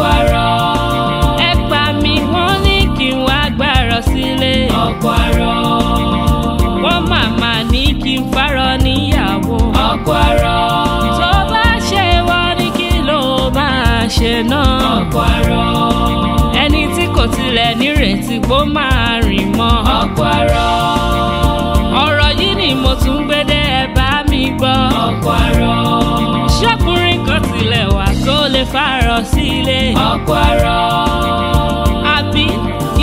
ọ̀pọ̀rọ̀. ẹ mi wọ́n ní kí n wá gbàrọ̀ sílé. ọ̀pọ̀rọ̀. wọ́n màmá ní kí n fárọ̀ níyàwó. ọ̀pọ̀rọ̀. tó bá ṣe wọ́n ní kí ló máa ṣe náà. ọ̀pọ̀rọ̀. ẹni tí kò tilẹ̀ nírètí pó máa rìn mọ́. ọ̀pọ̀rọ̀. ọ̀rọ̀ yìí ni mo tún gbé dé ẹ bá mi gbọ́. ọ̀pọ̀rọ̀. ṣé lè fàrọ̀ sílé. ọkọ àrọ̀. àbí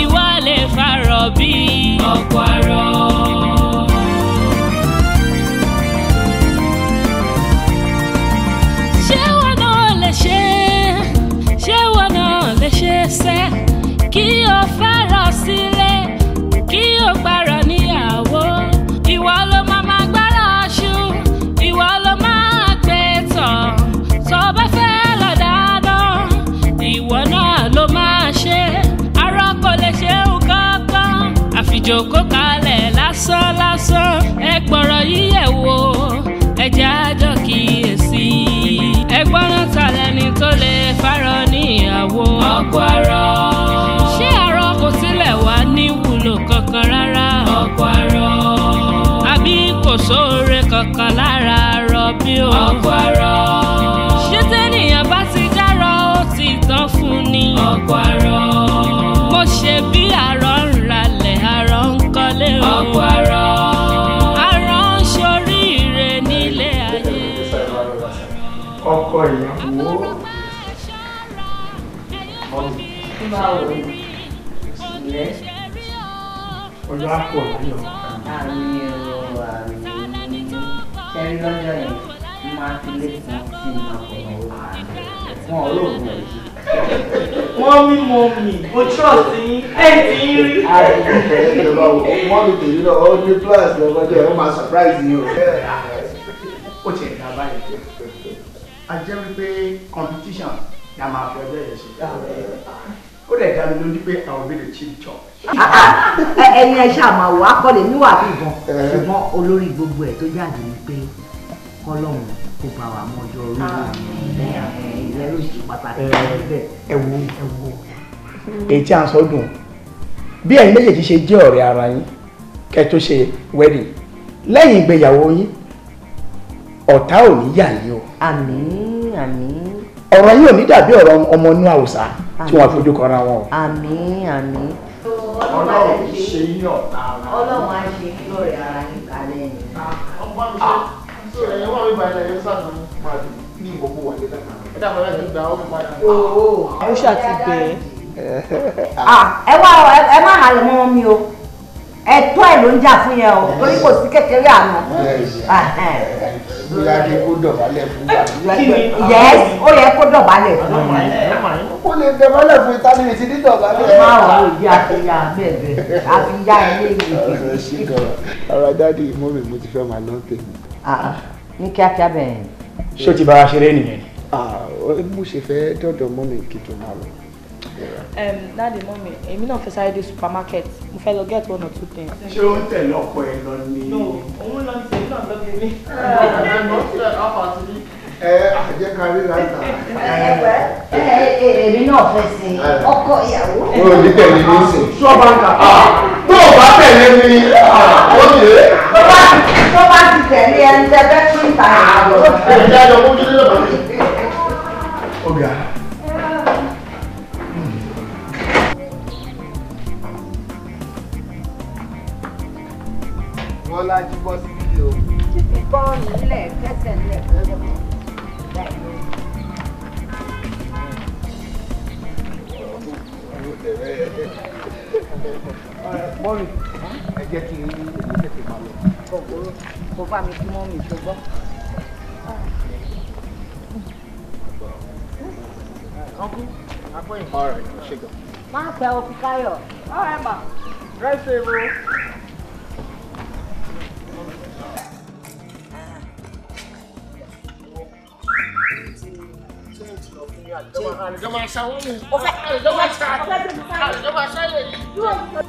ìwọ lè fàrọ̀ bí. ọkọ àrọ̀. jòkó kalẹ̀ lásán lásán ẹ gbọ́rọ̀ yíyẹ̀ wò ẹ jẹ́ àjọ kíyèsí. ẹ gbọ́ràn kalẹ̀ ni tó lè fárọ̀ níyàwó. ọkọ ọ̀rọ̀. ṣé àrọ kò sílẹ̀ wá ní wúlò kankan rárá. ọkọ ọ̀rọ̀. àbí kò sóore kankan lára àrọ bí o. ọkọ ọ̀rọ̀. ṣé tẹ́nìyàn bá ti dárọ̀ ó ti tán fún ni. ọkọ ọ̀rọ̀. wàrà. aránṣoríire nílé ayé. ọkọ ìyàwó. báwo ilé. ọjọ́ àpò láyọ̀. àmì ẹ̀rọ àmì ṣẹ́rí lọ́jọ́ yẹn máa fi lé fún kí n máa kọ̀ ọ́ fún ọlọ́run ẹ̀ yìí mọ́mí mọ́mí mo trust yín ẹ̀ ti ń rí. mọ́mí tèmi náà ó ní plus lọ́jọ́ ẹ̀ ó máa surprise yín o. ó ti ẹ̀dá báyìí a jẹ́ wípé competition ni a máa fi ọjọ́ yẹn ṣe ó dẹ̀ dá mi lójú pé àwọn òbí rẹ̀ chief chop. Ah, ah, ẹni ẹ ṣáà máa wò akọ́lé níwà bí ìbọn ṣùgbọ́n olórí gbogbo ẹ̀ tó jáde ni pé kọ́lọ́mù kó bá wa mọ́jọ́ orí rẹ̀ ìyẹn ló ṣe pàtàkì bẹ́ẹ̀. ẹ wo ẹ wo hmm. èyí tí a sọ dùn bí ẹ̀yin méjèèjì ṣe jẹ́ ọ̀rẹ́ ara yín kẹ́ tó ṣe wẹ́dì lẹ́yìn ìgbéyàwó yín ọ̀tá ò ní yà yín o. àmín àmín. ọ̀rọ̀ yín ò ní dàbí ọ̀rọ̀ ọmọ inú àwòsá tí wọ́n fojú kọra wọn o. àmín àmín. ọlọ́run ṣe yín ọ̀tá ara. ọlọ́run á ṣe kí lọ́ọ̀rẹ́ ara yín kalẹ̀ ni. Ah, ọmọ mi ṣe ah. ẹ̀yìn wà mí bàjẹ́ ẹ̀yìn sáà ní gbogbo wà lẹ́tà náà ó ṣàti bẹ́ẹ̀. Ah. Ah, ẹ wá ẹ má halẹ̀ mọ́ mi o ẹ̀tọ́ ẹ̀ ló ń jà fún yẹn o torí kò sí kékeré àná. bóyá kí kó dọ̀bálẹ̀ fún wa. yẹ́s ó yẹ kó dọ̀bálẹ̀ fún wa. ó lè dọ̀bálẹ̀ fún ìta níbi tí dídọ̀bálẹ̀. má wà ó yá fi ya bẹ́ẹ̀ bẹ́ẹ̀ a fi ya ilé ìwé. ara dáàdi mọ́mì mo ti fẹ́ máa lọ́ọ́ tèmi. Ah, ní kíákíá bẹ́ẹ̀. ṣé o ti bá a ṣeré nìyẹn ni. Ah, eh, mo ṣe fẹ́ dọ́dọ̀ mọ́mì kí tó máa lọ. dáàdi mọ́mì èmi náà fẹ́ sáré dé supermarket mo fẹ́ lọ get one or two things. ṣé ó ń tẹ̀lé ọkọ ẹ lọ ni. òun lọ sí ìlú ọ̀dọ́ mi ní. ẹ àjẹ kárí láta. èmi náà fẹ́ sí eh. ọkọ ìyàwó. o ò ní tẹ̀lé mi sí. ṣọ́ọ̀bù àǹkà tó o bá tẹ̀lé mi ah, ó lè. tó bá ti tẹ̀lé ẹni tẹ́ bẹ́ẹ̀ tún ìta ìyàwó. ẹ̀jẹ̀ lọ kó kí lè lọ́wọ́ mi ọ̀gá. wọ́n lájú bọ́ sí ilé o. títí bọ́ọ̀lù ńlẹ̀ kẹsẹ̀ ńlẹ̀ lọ́dọ̀ mọ́mì ẹ jẹ́ kí n ní ìlú tètè máa lọ. kò bá mi kí mọ́mì tó gbọ́. Uncle, I'm going. Alright, I should go. Marcel, fica aí, ó. Alright, ma. Drive safe, bro. Ô, velho, eu vou achar ele.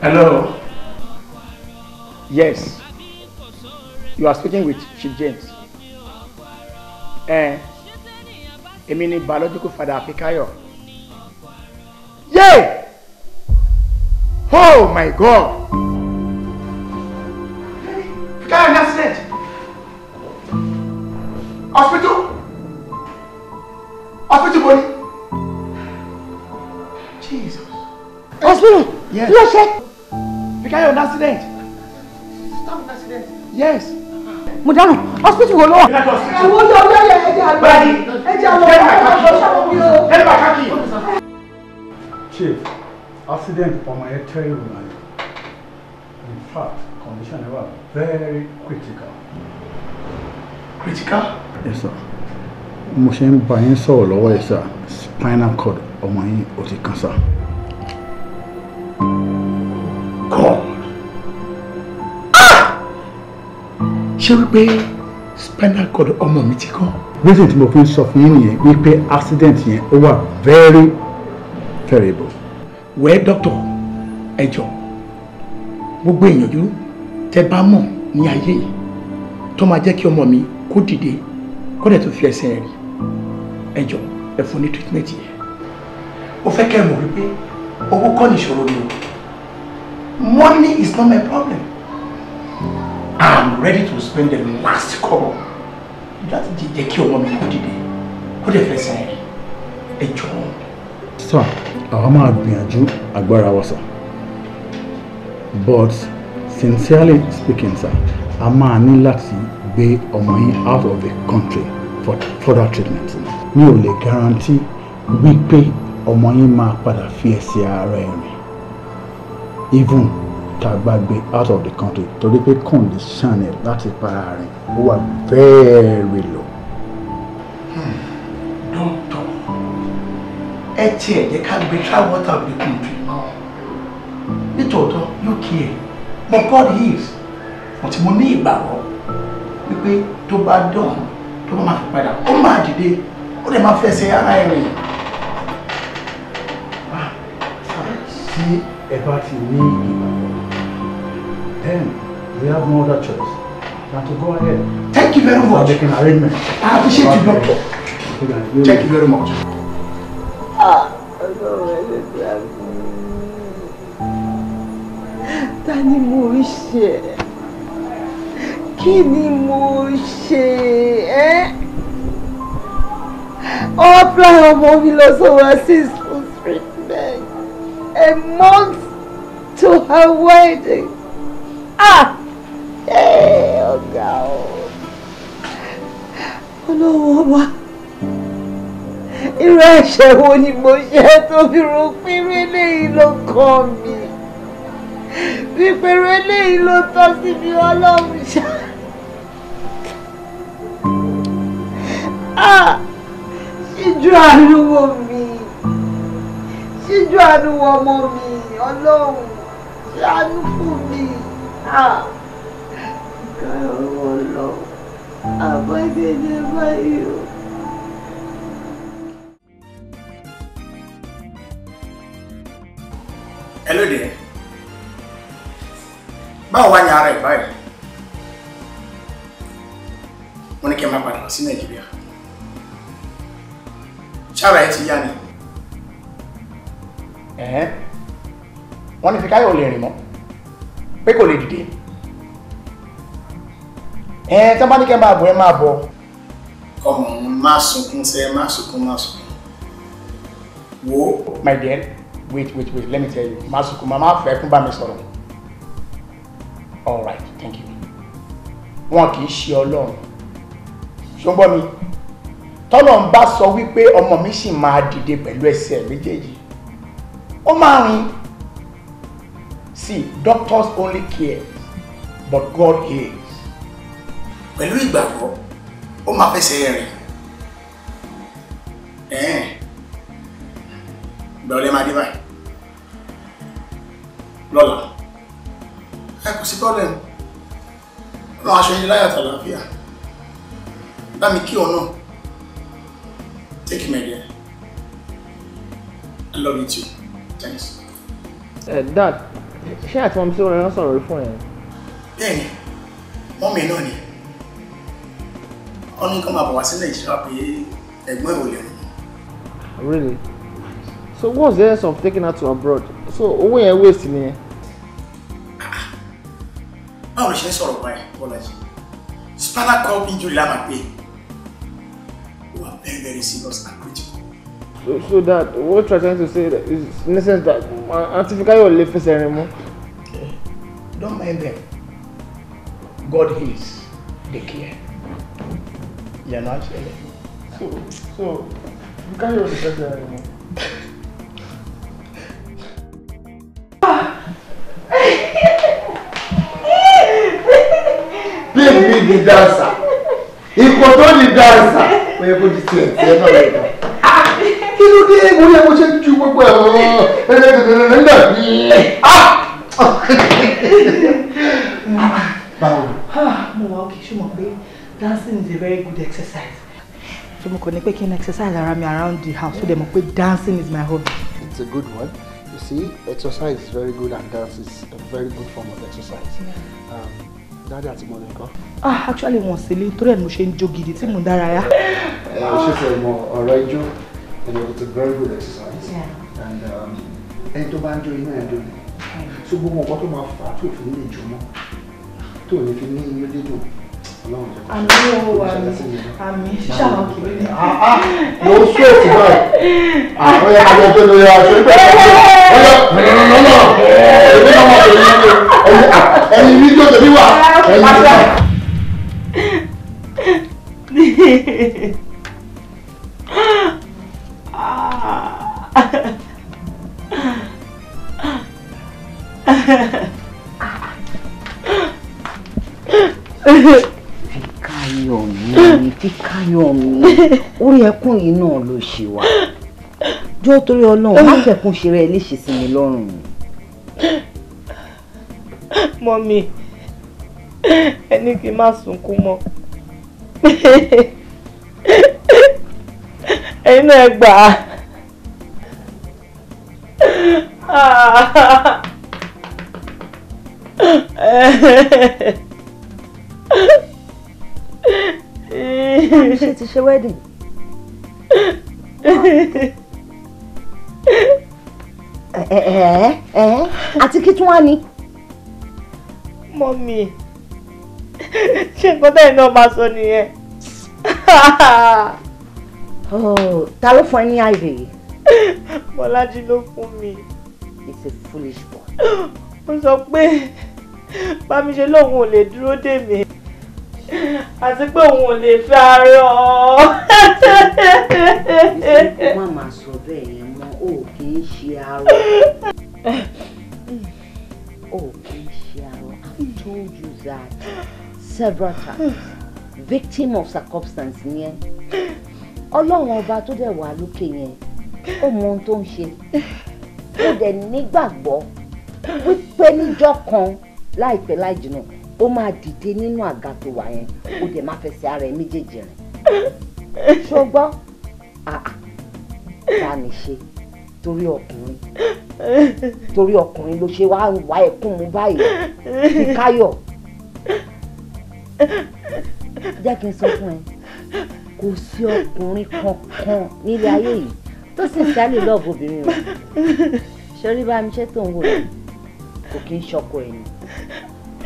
Hello. Yes. You are speaking with Chief James. Eh, èmi ni biological father Afikayo. Yay! Oh my God! mo dáná hospital wo ló wà. àwọn ọjọ́ ọjọ́ yẹn ẹ̀jẹ̀ àlọ́ ẹ̀jẹ̀ àlọ́ ẹ̀jẹ̀ àlọ́ ẹ̀jẹ̀ àlọ́ Chief, accident ọmọ yẹn terrible na yẹn. In fact, condition ẹ wà very critical. Critical? Yes sir. Mo ṣe ń bá yín sọ̀rọ̀ lọ́wọ́ yìí sir, spinal cord ọmọ yín ò ti kán sir. ṣé wípé spinal cord ọmọ mi ti kán. reason tí mo fi ń sọ fún yín nìyẹn wípé accident yẹn ó wà very terrible. wẹ́ẹ́ dọ́tọ̀ ẹ jọ gbogbo ìyànjú tẹ bá mọ̀ ní ayé yìí tó máa jẹ́ kí ọmọ mi kó dìde kó dẹ̀ tó fi ẹsẹ̀ rìn ẹ jọ ẹ fún ní treatment yẹn. ó fẹ́ kẹ́ ẹ mọ̀ wípé owó kọ́ ni ìṣòro mi o money is not my problem ready to spend the last that láti jẹ́ kí ọmọ mi kó dìde kó dẹ̀ fẹ́ sẹ́yìn ẹ jọ̀ọ́. sir àwa máa gbìyànjú agbára a sir but sincerely speaking sir a man ní láti be a yín out of the country for further treatment mi ò lè guarantee wípé ọmọ yín máa padà fi ẹsẹ̀ ara ẹ̀ rìn even tá a out of the country torí pé condition ẹ̀ láti para rìn ó wà very low. Hmm. dókítà ẹ tiẹ̀ jẹ́ ká gbé travel out of the country náà nítòótọ́ UK ẹ̀ but God heals mo ti mo ní ìgbàgbọ́ wípé tó bá dán tó bá máa fi padà ó máa dìde ó lè máa fẹsẹ̀ ara ẹ̀ rìn. Ah, tí ẹ bá ti ní ìgbà then we have no other choice than to go ahead. Thank you very much. Making arrangement. I appreciate you, doctor. Thank you very much. Ah, ta ni mo ṣe kí ni mo ṣe ẹ ọpla ọmọ mi lọ sọ́wọ́ six foot treatment a month to her wedding. Ah! Eh, ọ̀gá o ọlọ́wọ́ wa irú ẹ̀ṣẹ̀ wo ni mo ṣe tó fi rò pé rélé yìí ló kàn mí wípé rélé yìí ló tọ́ sí mi ọlọ́run ṣá. Ah! ṣíjú àánú wò mí ṣíjú àánú ọmọ mi ọlọ́run ṣàánú fún mi káyọ̀wọ́ lọ àbájáde báyìí o. Hello there. Báwo wá ní ara ẹ̀ báyìí? Wọ́n ní kí n máa padà sí Nàìjíríà. Ṣáàrà ẹ ti yá ni. Ẹ̀hẹ́n, wọ́n ní fi káyọ̀ lè rìn mọ́ pé kò lè dìde ẹ tí wọ́n bá ní kẹ́ máa bọ̀ ẹ máa bọ̀. ọ̀hún má sunkún sẹ́ má sunkún má sunkún wo. my dear wait wait wait let me tell you má sunkún màmá fẹ́ fún bá mi sọ̀rọ̀ all right thank you wọn kì í ṣe ọlọ́run ṣó ń gbọ́ mi tọ́lọ́run bá sọ wípé ọmọ mi sì máa dìde pẹ̀lú ẹsẹ̀ méjèèjì ó máa rìn see doctors only care but God heals. pẹ̀lú ìgbàgbọ́ ó máa fẹsẹ̀ rìn ẹ̀ẹ́n ìgbàlódé máa dé báyìí lọ́la ẹ kò sí problem ọlọ́run aṣọ yín láyàtọ̀ àlàáfíà bá mi kí ọ náà take me dear. I love you too thanks. Uh, dad ṣé àti mọ̀mí tí wọ́n rán sọ̀rọ̀ fún ẹ̀. bẹ́ẹ̀ni mọ̀mí náà ni wọ́n ní kó máa bọ̀ wá sí nàìjíríà pé ẹ̀gbọ́n ẹ̀ ò really so what's the sense of taking her to abroad so owó yẹn waste nìyẹn. báwo ló ṣe ń sọ̀rọ̀ báyìí bọ́lájì spinal cord injury la máa pè é wà very very serious and critical. so so that what you are trying to say is in essence that àǹtí Fikayo lè fẹsẹ̀ rìn mú. don't mind them God heals they care yànnà àṣẹlẹ. so so Fikayo lè fẹsẹ̀ rìn mú. big big di dancer ikọ̀ tó di dancer wọ́n yẹ kó di tiẹ̀ tiẹ̀ náà lẹ́yìn kí ló dé mo ní ẹ̀kọ́ ṣe ju gbogbo ẹ̀rọ ẹ̀rẹ́dẹ̀dẹ̀rẹ̀ nígbà bí. Ah! báwo. mo wà ókè ṣé pé dancing is a very good exercise. so mo kàn ní pé kí n exercise ara mi around the house so dem mọ̀ pé dancing is my hobby. it's a good one. You see, exercise is very good and dance is a very good form of exercise. Yeah. Um, Dáadáa àti mọ̀lẹ́ nǹkan. Ah, actually wọ́n sì lè torí ẹ̀ mo ṣe ń jó gidi tí mo dárayá. Ẹ eh, ṣe fẹ́ mọ ọ̀rọ̀ ijó you know it's a very good exercise yeah. and ẹni tó bá ń jó inú ẹ̀ dùn so gbogbo nǹkan tó máa fà á tó fi ní ìjọmọ́ tó ní fi ní inú dídùn mo ń sọ òkú báyìí àwọn yàrá ló tó lórí aṣọ ìgbà tó lọ lọ lọ èmi náà máa tẹ̀lé ẹni ẹni ní tó tẹ̀lé wà ẹni ní Táyọ̀ mi orí ẹkún yìí náà ló ṣe wá jọ torí Ọlọ́run má fẹkún ṣeré ẹ sí mi lọ́rùn mi. mọ́mí ẹni kì í má sunkún mọ́ ẹ̀yin náà gbà á. Hehehehe ṣe ti ṣe wedding. àti kí tún wá ni. mọ́mí ṣé nǹkan tẹ́yìn náà máa sọ nìyẹn. Oh, ta ló fún ẹ ní àìrè yìí. Bọ́lájí ló fún mi. It's a foolish boy. ó sọ pé bámi ṣe lóun ò lè dúró dè mí àti pé òun ò lè fẹ́ arọ. má máa sọ bẹ́ẹ̀ yẹn mọ́ ò kì í ṣe arọ. ò kì í ṣe arọ I've told you that several times victim of circumstance yẹn ọlọ́run ọba tó dẹ̀ wà lókè yẹn ó mọ ohun tó ń ṣe ó dẹ̀ nígbàgbọ́ wípé níjọ́ kan láìpẹ́ láìjìnà ó máa dìde nínú àga tó wà yẹn ó dẹ̀ máa fẹsẹ̀ ara ẹ̀ méjèèjì rìn ṣọgbọ́ bá mi ṣe torí ọkùnrin torí ọkùnrin ló ṣe wá ń wá ẹkún mu báyìí bí káyọ̀ jẹ́ kí n sọ fún ẹ kò sí ọkùnrin kankan nílé ayé yìí tó sì ń sálè lọ́ọ̀bù obìnrin o ṣorí bá mi ṣe tó ń wò rẹ̀ kò kí ń ṣọkọ ẹni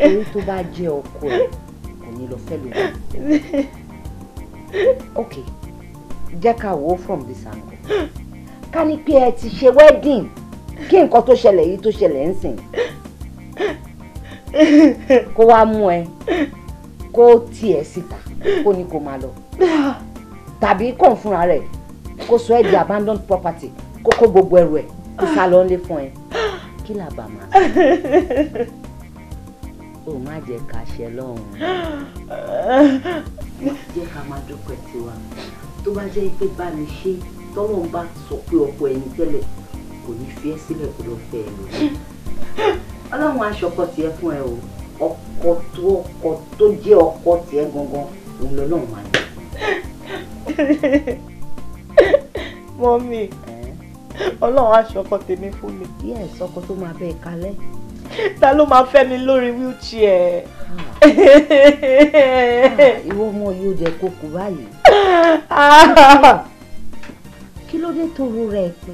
èyí tó bá jẹ́ ọkọ ẹ̀ kò ní lọ fẹ́ lóko. ok jẹ́ ká wo from this angle ká ní pé ẹ ti ṣe wedding kí nǹkan tó ṣẹlẹ̀ yìí tó ṣẹlẹ̀ ń sìn kó wá mú ẹ kó tiẹ̀ síta kó ní kó máa lọ tàbí kàn fúnra rẹ̀ kó sọ ẹ́ di abandoned property kó kó gbogbo ẹrù ẹ̀ kó sá lọ nílé fún ẹ kí làbà máa o má jẹ́ ká ṣe lọ́hùn-ún jẹ́ ká máa dúpẹ́ tiwa tó bá jẹ́ pé bá lè ṣe tọ́wọ́ ń bá sọ pé ọkọ ẹni tẹ́lẹ̀ kò ní fi ẹ́ sílẹ̀ kó lọ fẹ́ ẹ lò ọlọ́run aṣọkọ tiẹ̀ fún ẹ o ọkọ tó ọkọ tó jẹ́ ọkọ tiẹ̀ gangan òun lọ́lọ́run máa yẹ. mọ́mí ọlọ́run aṣọkọ tèmi fún mi. yẹ́ẹ̀ sọkọ tó máa bẹ́ẹ̀ kalẹ́ ta ló máa fẹ́ mi lórí wheelchair. Ah, ìwọ ọmọ yóò jẹ kókó báyìí. kí ló dé tó rora ẹ pé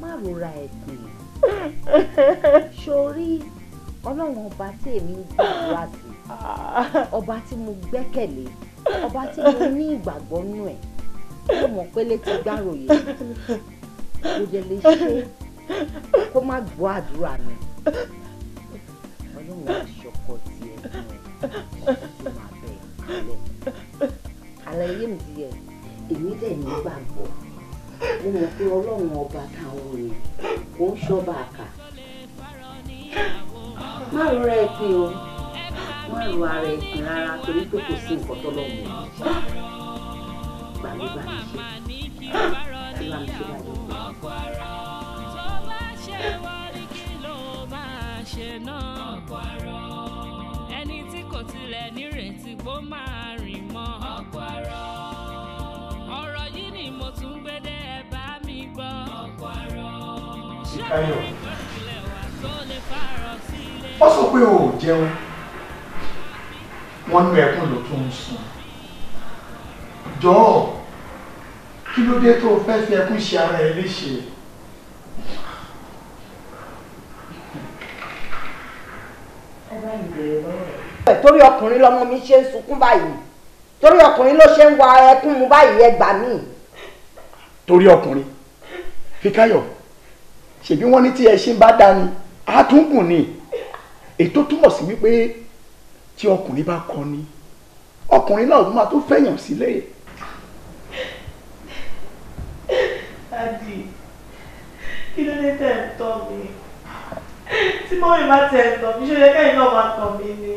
má rora ẹ pé sórí ọlọ́run ọba tí èmi ń gbàdúrà sí ọba tí mo gbẹ́kẹ̀lé ọba tí mo ní ìgbàgbọ́ nù ẹ̀ mo mọ̀ pé létí gbàròyé mo dẹ̀ lè ṣe é kó má gbọ́ àdúrà mi ọlọ́run aṣọkọ ti ẹ̀ fún ẹ ṣe máa bẹ̀ kalẹ̀ àlàyé mi ti yẹ èmi dẹ̀ nígbàgbọ́ mo mọ̀ pé ọlọ́run ọba táwọn yẹn kò ń ṣọba àkà má rọra ẹ pé o má rọ ara ẹ pé rárá torí pé kò sí nǹkan tọ́lọ́mù gbàgbé bá mi ṣe ẹ bá mi ṣe báyìí wá rí kí ló máa ṣe náà. ọkọ arọ. ẹni tí kò tilẹ̀ nírètí kó máa rìn mọ́. ọkọ arọ. ọ̀rọ̀ yìí ni mo tún gbé ẹ bá mi gbọ́. ọkọ arọ. ṣé àwọn wà tó lè fàárọ̀ sílé. ó sọ pé ò jẹun wọ́n nu ẹkún ló tún ń sun jọ̀ọ́ kí ló dé tó o fẹ́ fi ẹkún ṣe ara ẹ léṣe. torí ọkùnrin lọmọ mi ṣe ń sunkún báyìí torí ọkùnrin ló ṣe ń wa ẹkún mu báyìí ẹ gbà mí. torí ọkùnrin Fikáyọ̀ ṣebí wọ́n ní tí ẹ ṣe ń bá dání àtúngùn ni ètò túmọ̀ sí wípé tí ọkùnrin bá kọ ni ọkùnrin náà máa tó fẹ̀yàn sílẹ̀. adi kí ló dé tẹ̀ ń tọ́ mi tí mọ́mí bá tiẹ̀ tọ̀ mí ṣe yẹ kẹ́yìn náà máa tọ̀ mí ni.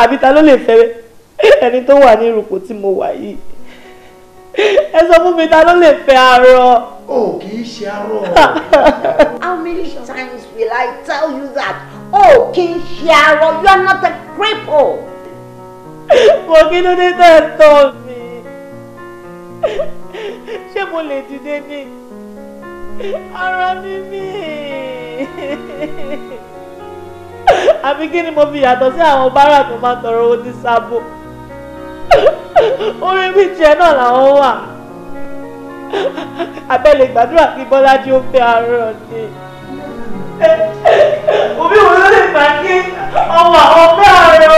àbí ta ló lè fẹ́ ẹni tó wà ní ìrùkò tí mo wà yìí ẹ sọ fún mi ta ló lè fẹ́ arọ. o kì í ṣe arọ. how many times will I tell you that o kì í ṣe arọ you are not a cripple. mo kí ló dé tẹ́ ẹ tọ́ mi ṣé mo lè dìde ní ara mímí àbí kí ni mo fi yàtọ̀ sí àwọn bárà tó máa ń tọrọ owó ní sábò orí wíjẹ náà làwọn wà abẹ́lẹ̀ gbàdúrà kí bọ́lájí ó fẹ́ arọ ni òbí wo ló lè gbà kí ọmọ àwọn ọmọ ààrẹ o.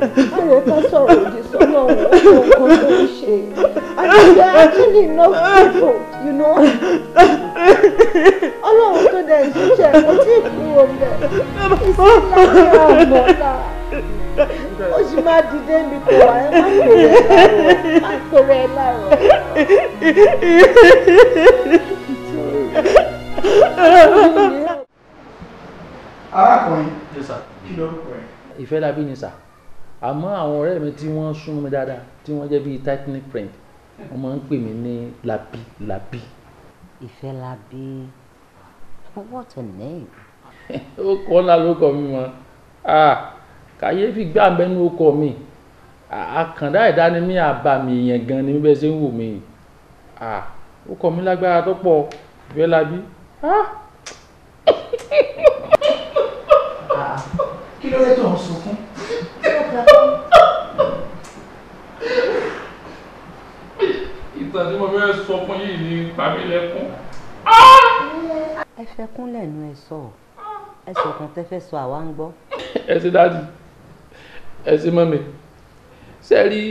bẹ̀rẹ̀ ká sọ̀rọ̀ òdì sọ́nà òun kò tó ń ṣe and they actually enough people you know ọlọ́run tó dẹ̀ ṣiṣẹ́ kò tí ì kúrò mẹ́ ìsìnkú ọmọ náà ó sì máa dìde mi kò wá ẹ má pèrè ẹ láàrọ̀ arákùnrin kí lorúkọ ẹ. ìfẹ́ dàbí ni sà àmọ́ àwọn ọ̀rẹ́ mi tí wọ́n sún mi dáadáa tí wọ́n jẹ́ bíi tightening friend wọ́n máa ń pè mí ní labi labi. ìfẹ́ labi what a name. ó kọ́ ńlá lórúkọ mi mọ́ kàyéfì gbà mẹ́nu ọkọ mi àkàndá ìdánimí àbàmì èèyàn gan ni bẹ́ẹ̀ ṣe ń wò mí ọkọ mi lágbára tó pọ̀ ìfẹ́ labi. Ah. kí ló dé tó ń sunkún. ìtàn tí mo fẹ́ sọ fún yìí ni pàmílẹ́kún. ẹ fẹ́ kúnlẹ̀ nu ẹ sọ ẹ sọkàn tẹ fẹ́ sọ àwa ń gbọ́. ẹ ṣe dáàdì ẹ ṣe mọ́mi ṣe rí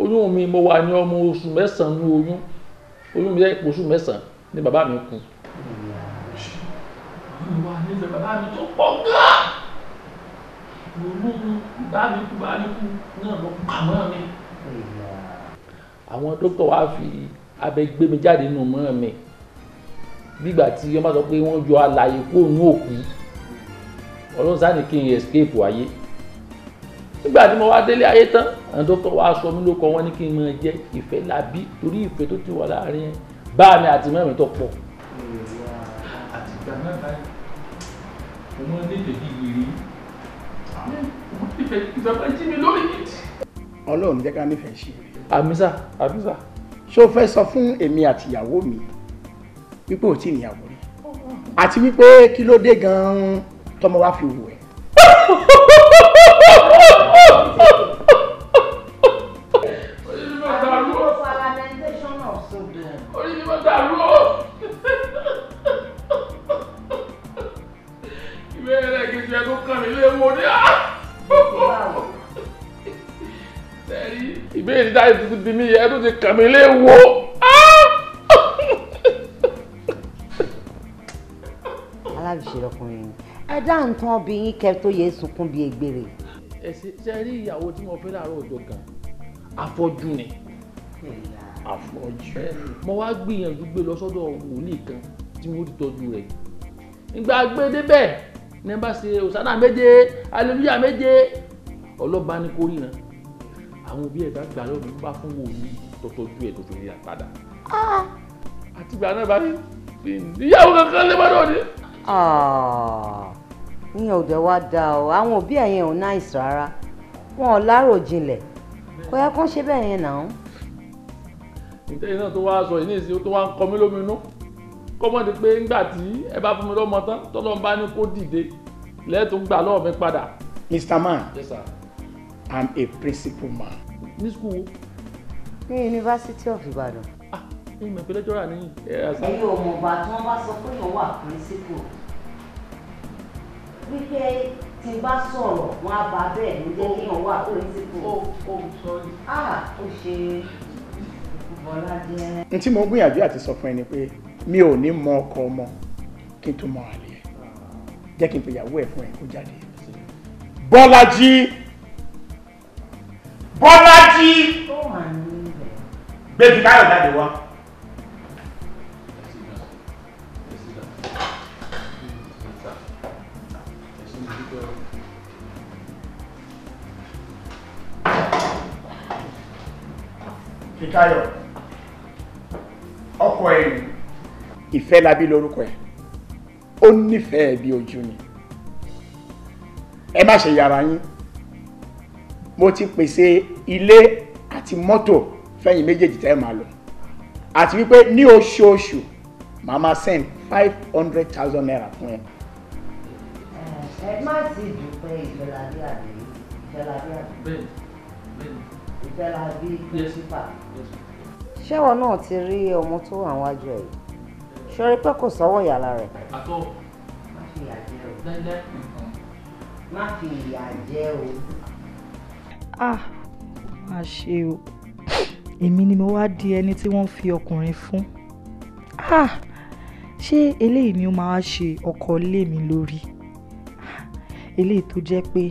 oyún mi mo wà ní ọmọ oṣù mẹ́sàn-án ní oyún oyún mi jẹ́ oṣù mẹ́sàn-án ni bàbá mi kú. mo wà bàbá mi tó pọ̀ gan-an lòlú báàmíkú báàmíkú náà ló pa mọ́ mi. àwọn dókítà wa fi abẹ gbé mi jáde nínú mọ́ mi nígbà tí wọ́n bá sọ pé wọ́n yọ alààyè fóònù òkú ọlọ́run sáà ní kí n escape ayé nígbà tí mo wá délé ayé tán àwọn dókítà wa sọ mí lóko wọn ní kí n máa jẹ ìfẹ́ làbí torí ìfẹ́ tó ti wà láàrin yẹn bá mi àti mọ́ tó pọ̀. àtìgbà náà báyìí mo máa ń ní ìfẹ́ ìjọba jí mi lórí yìí. ọlọ́run jẹ́ ká nífẹ̀ẹ́ ṣe. àmísà àmísà. ṣó o fẹ́ sọ fún èmi àtìyàwó mi wípé ò tí ì rí àti wípé kí ló dé gan-an tọmọ wa fi wù ẹ́. èyí dáyé tuntun di mí yẹ ẹ tó ti kàn mí lé wo. alábìṣe lọkùnrin ni ẹ dáhùn tán bí yín kẹ tó yẹ sunkún bíi egbèrè. ẹ ṣe ṣe rí ìyàwó tí mo fẹ́ láàárọ̀ ọjọ́ kan afọ́jú ni afọ́jú mo wá gbìyànjú gbé lọ sọ́dọ̀ wòlíì kan tí mo ti tọ́jú rẹ̀ ìgbà gbé débẹ̀ ní bá ṣe òsánà méje aleluya méje ọlọ́ba ní kórìíran àwọn òbí ẹ̀ bá gbà lọ́dún bá fún wo ní tọ́tọ́jú ẹ̀ tó fi rí àpadà. Ah. àtìgbà náà bá ní ìyàwó kankan lè má dọ̀ọ́dẹ. ìyẹn ò dẹ̀ wá da ọ àwọn òbí ẹ̀ yẹn ò náìsì rárá wọn ò lárò jinlẹ̀ kò yẹ kó ṣe bẹ́ẹ̀ yẹn náà. ìtẹ́yìn náà tó wá sọ yìí ní ìsìn tó wá ń kọ mí lóminú kọ́mọ́dé pé ńgbà tí ẹ bá fún mi lọ́mọ tán tọ́lọ́mbá ní kó dìde lẹ́ẹ̀tún gbà lọ́ọ̀ padà. Mr. Man. Yes, I'm a principal man. ní sukuu. ní yunifásitì of Ìbàdàn. ah ẹ̀yin mọ̀ pé lẹ́jọ́rà ni. ẹ̀yin ò mọ̀ bá tí wọ́n bá sọ pé yóò wà principal wípé tí n bá sọ̀rọ̀ wọn á bá bẹ́ẹ̀ ló jẹ́ kí yàn wà oh, oh, principal. ó ó sọrí. ah ó ṣe bọ́lá jẹ́. n tí mo gbìyànjú àti sọ fún ẹ ni pé mi ò ní mọ ọkọ ọmọ kí n tó mọ àlè jẹ́ kí n pè ìyàwó ẹ̀ fún ẹ kó jáde. Bọ́lájí. Bọ́lájí gbèbí káyọ̀ jáde wá. Kíkáyọ̀ ọkọ ẹ̀yìn. Ìfẹ́ labí lórúkọ ẹ̀, ó nífẹ̀ẹ́ bí ojú ni. Ẹ má ṣe yàrá yín mo ti pèsè ilé àti mọ́tò fẹ́yìn méjèèjì tẹ́ máa lọ àti wípé ní oṣooṣù màá máa send five hundred thousand naira fún ẹ. ẹ má ti dúpẹ́ ìjọba bí àbí ìjọba bí àbí ìjọba bí pírísípà. ṣéwọ náà ti rí ọmọ tó wà wájú ẹ ṣé o rí pé kò sọ́wọ́ ìyàlá rẹ̀. àtọ má fi ìyà jẹ o má fi ìyà jẹ o. Ah! Má ṣe o. Èmi ni mo wá di ẹni tí wọ́n fi ọkùnrin fún. Ah! Ṣé eléyìí ni ó máa ṣe ọkọ ilé mi lórí? Ah, eléyìí tó jẹ́ pé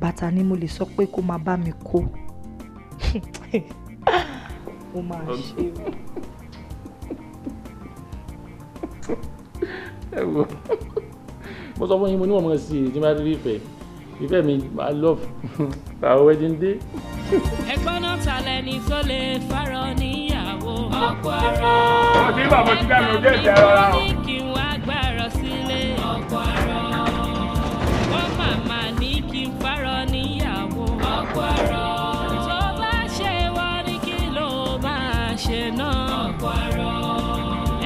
bàtà ni mo lè sọ pé kó máa bá mi kó. Ó máa ṣe o. Ẹ wo, mo sọ fún yín mo ní wọ́n mọ̀ sí i tí bá rí ìfẹ́ ìfẹ́ mi my love our wedding day. ẹ̀gbọ́n náà ta lẹni tó lè fárọ níyàwó ọkọ ara. ọmọ tí bàbá ti dá mi ò dé ìjà rárá o. kí n wá gbàrọ sílé ọkọ ara. wọ́n màmá ní kí n fárọ níyàwó ọkọ ara. tó bá ṣe wá ní kí ló máa ṣe náà ọkọ ara.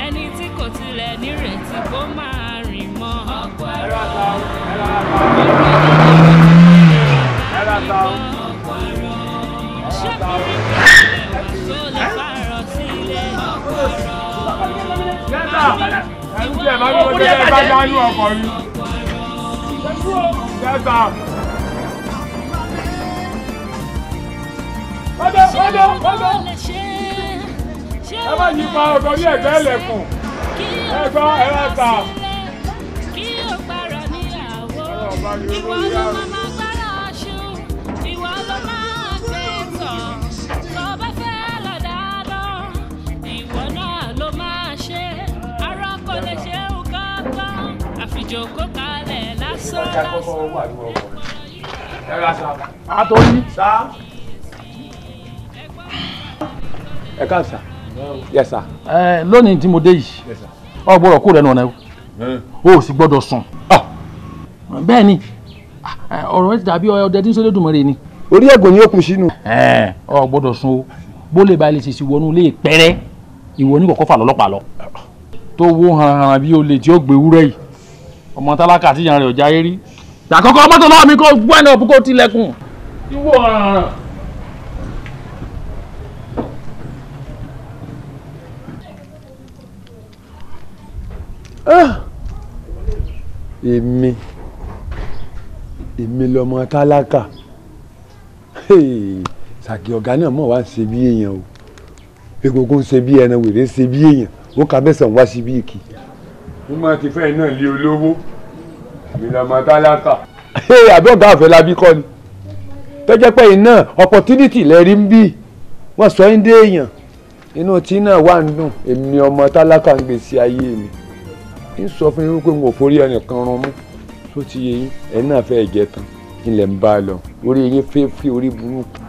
ẹni tí kò tilẹ̀ nírètí kó máa rìn mọ́ ọkọ ara. ẹ̀rọ àtàwọn ẹ̀rọ àtàwọn ta o ọ̀rọ̀ o. Yẹ́ta ní ẹ̀gbẹ́ ẹlẹ́kùn. Ẹ gbọ́ ẹ̀rọ jòkó kalẹ̀ lásán lásán. àtọ́yí sá. ẹ ká sì gbọ́dọ̀ sùn. bẹ́ẹ̀ ni ọ̀rọ̀ ẹ ti ọdẹ tí ń sọ́dọ̀ dùnmọ́ ni. orí ẹ̀gùn ni ó kù sínú. ọ gbọ́dọ̀ sùn o bó lè ba ilé wọnú ilé pẹ́rẹ́ ìwọ ní kọ̀kọ́ fà lọ́lọ́pàá lọ tó wó hanahana bí olè tí ó gbé wúrẹ́ yìí ọmọ tálákà àti ìyàn rẹ̀ ò jáyé rí. àkọ́kọ́ mọ́tò náà mi kò gbọ́ ẹ̀nà òbúkọ tilẹ̀kùn. ìwọ ọ̀ràn. Ah! èmi èmi lọmọ tálákà sàkè ọ̀gá náà mọ̀ wá ń ṣe bí èèyàn o egungun ń ṣe bí ẹran wèrè ń ṣe bí èèyàn ó kà mẹ́sàn-án wá sí bí èkì mo máa ti fẹ́ náà lé olówó mi lọ́mọ tálákà. àbí ọ̀gá àfẹ́lábí kọ́ ni tó jẹ́ pé iná opportunity lẹ́rí ń bì wọ́n sọ ń dé èèyàn inú tí náà wà ń dùn èmi ọmọ tálákà ń gbèsè ayé mi ń sọ fún yín pé mo forí ẹnìkan rún mú tó ti yẹ yín ẹ náà fẹ́ jẹ tán ilẹ̀ ń bá a lọ orí yín fẹ́ fi orí burúkú.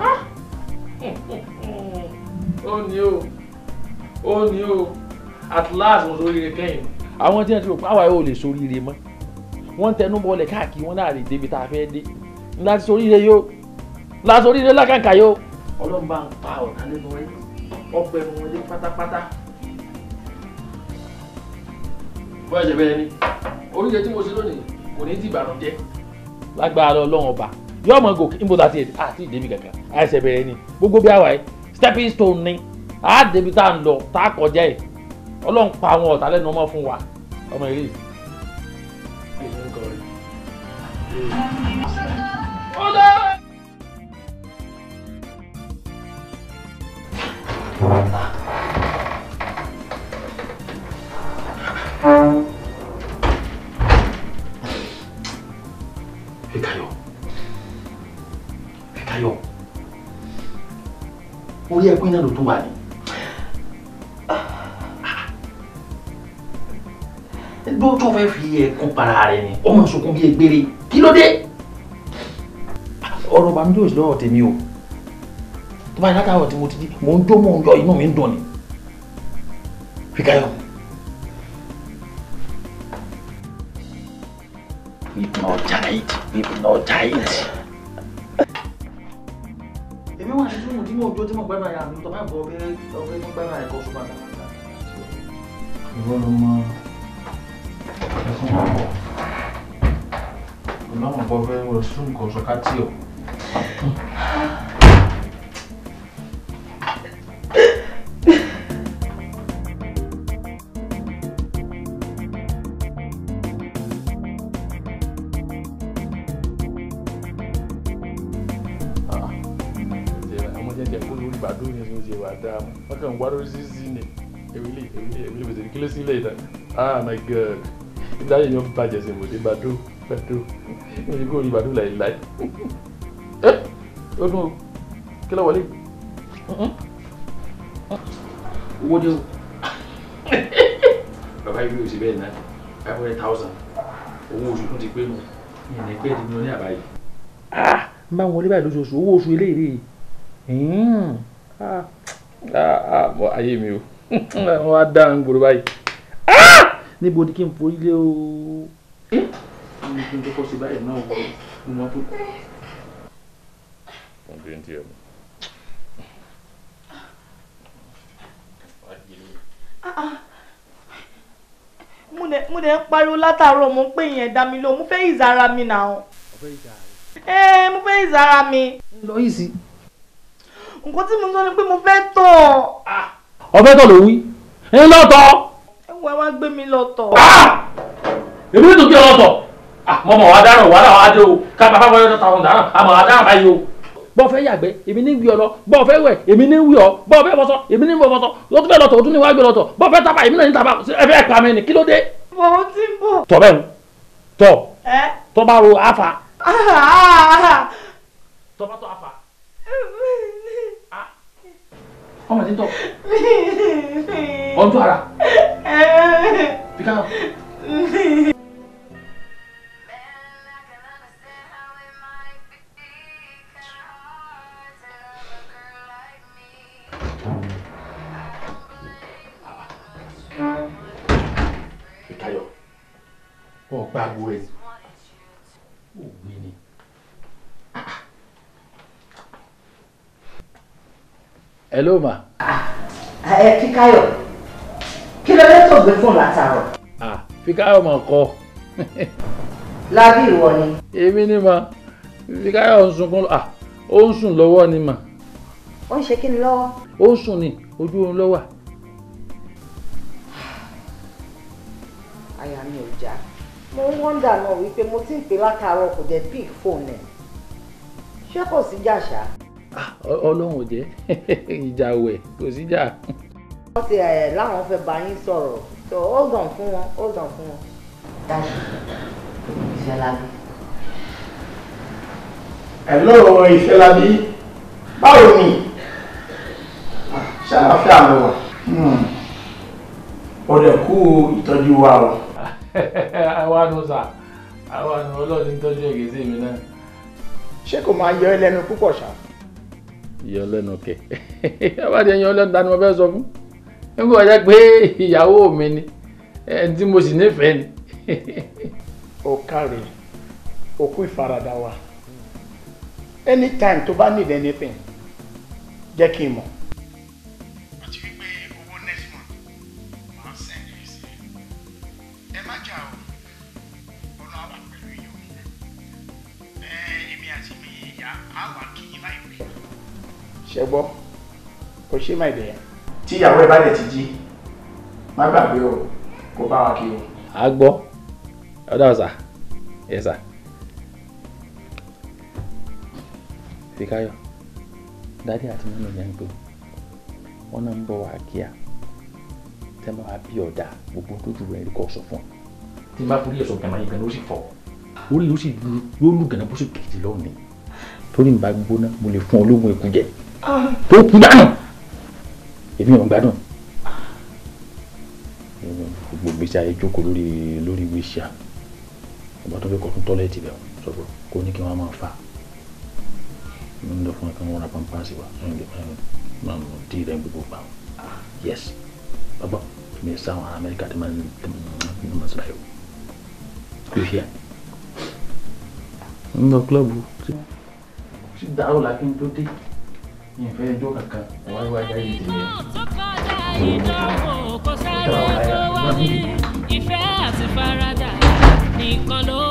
ó ní o ó ní o at last mo sọ oríire kẹ́yìn àwọn tí wọ́n ti rò pé àwa yóò lè soríire mọ́ wọ́n tẹnu bọlẹ̀ káàkiri wọn náà lè débi tá a fẹ́ dé láti soríire yóò láti soríire lákàǹkà yóò. ọlọ́run bá ń pa ọ̀nà lẹ́nu wọn ọgbẹ́ ẹnu wọn lé pátápátá. bóyá jẹ bẹ́ẹ̀ ni oríṣi tí mo ṣe lónìí kò ní í ti ìbànújẹ́. lágbára ọlọ́run ọba yóò mọ gòkè níbo láti èdè àti ìdèmí kankan àìsè bẹ̀rẹ̀ ni gbogbo bí àwa yìí stepping stone ni àá débi tá à ń lọ tá a kọjá yìí ọlọ́run pa àwọn ọ̀tá lẹ́nu ọmọ fún wa ọmọ eré yìí. Orí ẹkún náà ló tún wà ní. dó tó fẹ́ fi ẹkún para rẹ ni ọmọ sunkún bíi egbére kí ló dé. ọ̀rọ̀ bàmí yóò lọ́rọ̀ tèmi o tó báyìí látàwọ̀ tí mo ti di mò ń dó mò ń yọ mi ń dùn ni. Fikayo. We've not died. We've not died. Èmi wà nínú ìdí ní ojú ojúmọ̀ gbẹ́bà ya mi tó bá bọ̀ ọ́ bí ọgbẹ́ ní gbẹ́bà ẹ̀kọ́ ṣùgbọ́n àgbà. Ìwọ́n ló máa. Mama bove restroom ko so kati o. Bakın var o zizi ne? Evli, evli, evli. Kilo silah Ah my god dáyé yẹn bàjẹ́ sí mòdé bàdó bàdó níbi kò rí bàdó láyé láyé ẹ ó dún o kí ló wọlé. owó dé o bàbá ibi òsì bẹ́ẹ̀ náà five hundred thousand oh oṣù tún ti pé mu ìyẹn ẹgbẹ́ ti ní àbáyé. Ah, n bá wọlé báyìí lóṣooṣù owó oṣù eléyìí ah. Ah, ayé mi o wọn á dá ń gbòòrò níbo ni kí n forí lé o. ẹ ní kí n tó kọ́ sí báyìí náà wọ inú wọn tó. wọn bí n tiẹ̀ mú. mo dẹ̀ ń pariwo látàárọ̀ mo ń pè yẹn dá mi lóhùn mo fẹ́ ìzara mi náà. ẹ mo fẹ́ ìzara eh, mi. lọ yìí sí. nǹkan tí mo sọ ni pé mo fẹ́ tọ̀. Ah! ọ̀fẹ́ tọ̀ ló wí ń wá wá gbé mi lọ tọ̀. Ah! èmi ní tòkí ọlọ́tọ̀ ah, mo mọ̀ wá dáràn wàhálà wàá dé o ká bàbá wọn yọjọ́ táwọn dáràn àmọ̀ wá dáràn báyìí o. bọ́ fẹ́ yàgbẹ́ èmi ní gbìyànjọ́ bọ́ fẹ́ wẹ̀ èmi ní wíyọ́ bọ́ fẹ́ bọ́sọ èmi ní bọ́sọ lọ́tún bẹ́ẹ̀ lọ́tọ̀ ọdún ní wàá gbé lọ́tọ̀ bọ́ fẹ́ tábà èmi náà ní tábà ẹ ọmọ ti ń tọ̀ ọdún ara pika náà. Ìtayọ̀, wọ́n hello ma. ẹ ah, eh, Fíkáyọ̀ kí ló dé tó gbé fóònù látàárọ̀. Ah, Fíkáyọ̀ mà kọ. lábí ìwọ ni. èmi ni mà Fíkáyọ̀ ń sunkún ah, ó ń sùn lọ́wọ́ ni mà. ó ń ṣe kí ni lọ́wọ́. ó ń sùn ni ojú oorun lọ́wọ́. àyà mi ò já mo ń wọ́ndà náà wípé mo ti ń pè látàárọ̀ kò dé pick fóònù ẹ̀ ṣé kò sí jàṣà. Ah, ọlọ́run ò jẹ́ ìjà wẹ̀ kò síjà. wọ́n ti ẹ̀ eh, láwọn fẹ́ bá yín sọ̀rọ̀ tó ó gàn fún wọn ó gàn fún wọn. dáṣì ìfẹ́lábí. hello ìfẹ́lábí báwo ni ah, ṣàlàfẹ́ àlọ́ wa ọ̀dẹ̀ hmm. kú ìtọ́jú wa o. àwa nù sà àwa nù ọlọ́ọ̀ni tọ́jú ẹ̀gẹ́sì mi náà. ṣé kò máa yọ ẹ lẹ́nu púpọ̀ ṣáà ìyọ lẹ́nu kẹ̀ abájẹ́ ìyọ lẹ́nu ta ni mo fẹ́ sọ fún nígbà wọ́n jẹ́ pé ìyàwó mi ni ẹni tí mo sì nífẹ̀ẹ́ ni. ó káre òkú ìfaradà wa anytime tó bá need anything jẹ́ kí n mọ̀. ṣe gbọ́ kò ṣe má ìdẹ̀yà. tí ìyàwó ẹ bá dẹ̀ ti jí má gbàgbé o kó bá wa kí o. a gbọ́ ọ̀dà ọ̀sà ẹ̀sà fìkáyọ̀ dádì àti mọ́nà ní àgbẹ̀ wọn náà ń bọ̀ wá kíá tẹ́ máa bí ọ̀dà gbogbo tó ju ẹ̀rí kọ́ sọ fún ọ. tí n bá forí ẹ̀sọ̀ gànà yìí gan ló sì fọ́ orí ló sì yóò lù gànà bó sì kìtì lọ́ọ̀nì torí n bá gbóná mo lè fún ọ lóògùn ikú tó kú dànù èmi ò gbádùn gbogbo gbèsè ayé jókòó lórí lórí wíṣà ìgbà tó fẹ́ kọ́ fún tọ́lẹ́ẹ̀tì bẹ̀rù sọ̀rọ̀ kó ní kí wọ́n máa fà mo ń lọ fún ẹ̀ka wọn ra pampasì wa ẹ̀yìn lè máa máa mú tí ìrẹ́ gbogbo gbà wọn yes bàbá mi sáwọn amẹ́ríkà tí máa ń tẹ̀mọ̀ máa sọ̀rọ̀ yìí kò ṣe ẹ̀ ń lọ kílọ̀bù. ó sì dárò lákíntó dé ìfẹ́ ẹjọ́ kankan wọ́n wá yá yìí tèmi. ìdánwò kò sáré tó wáyé ìfẹ́ àti faradà nìkan ló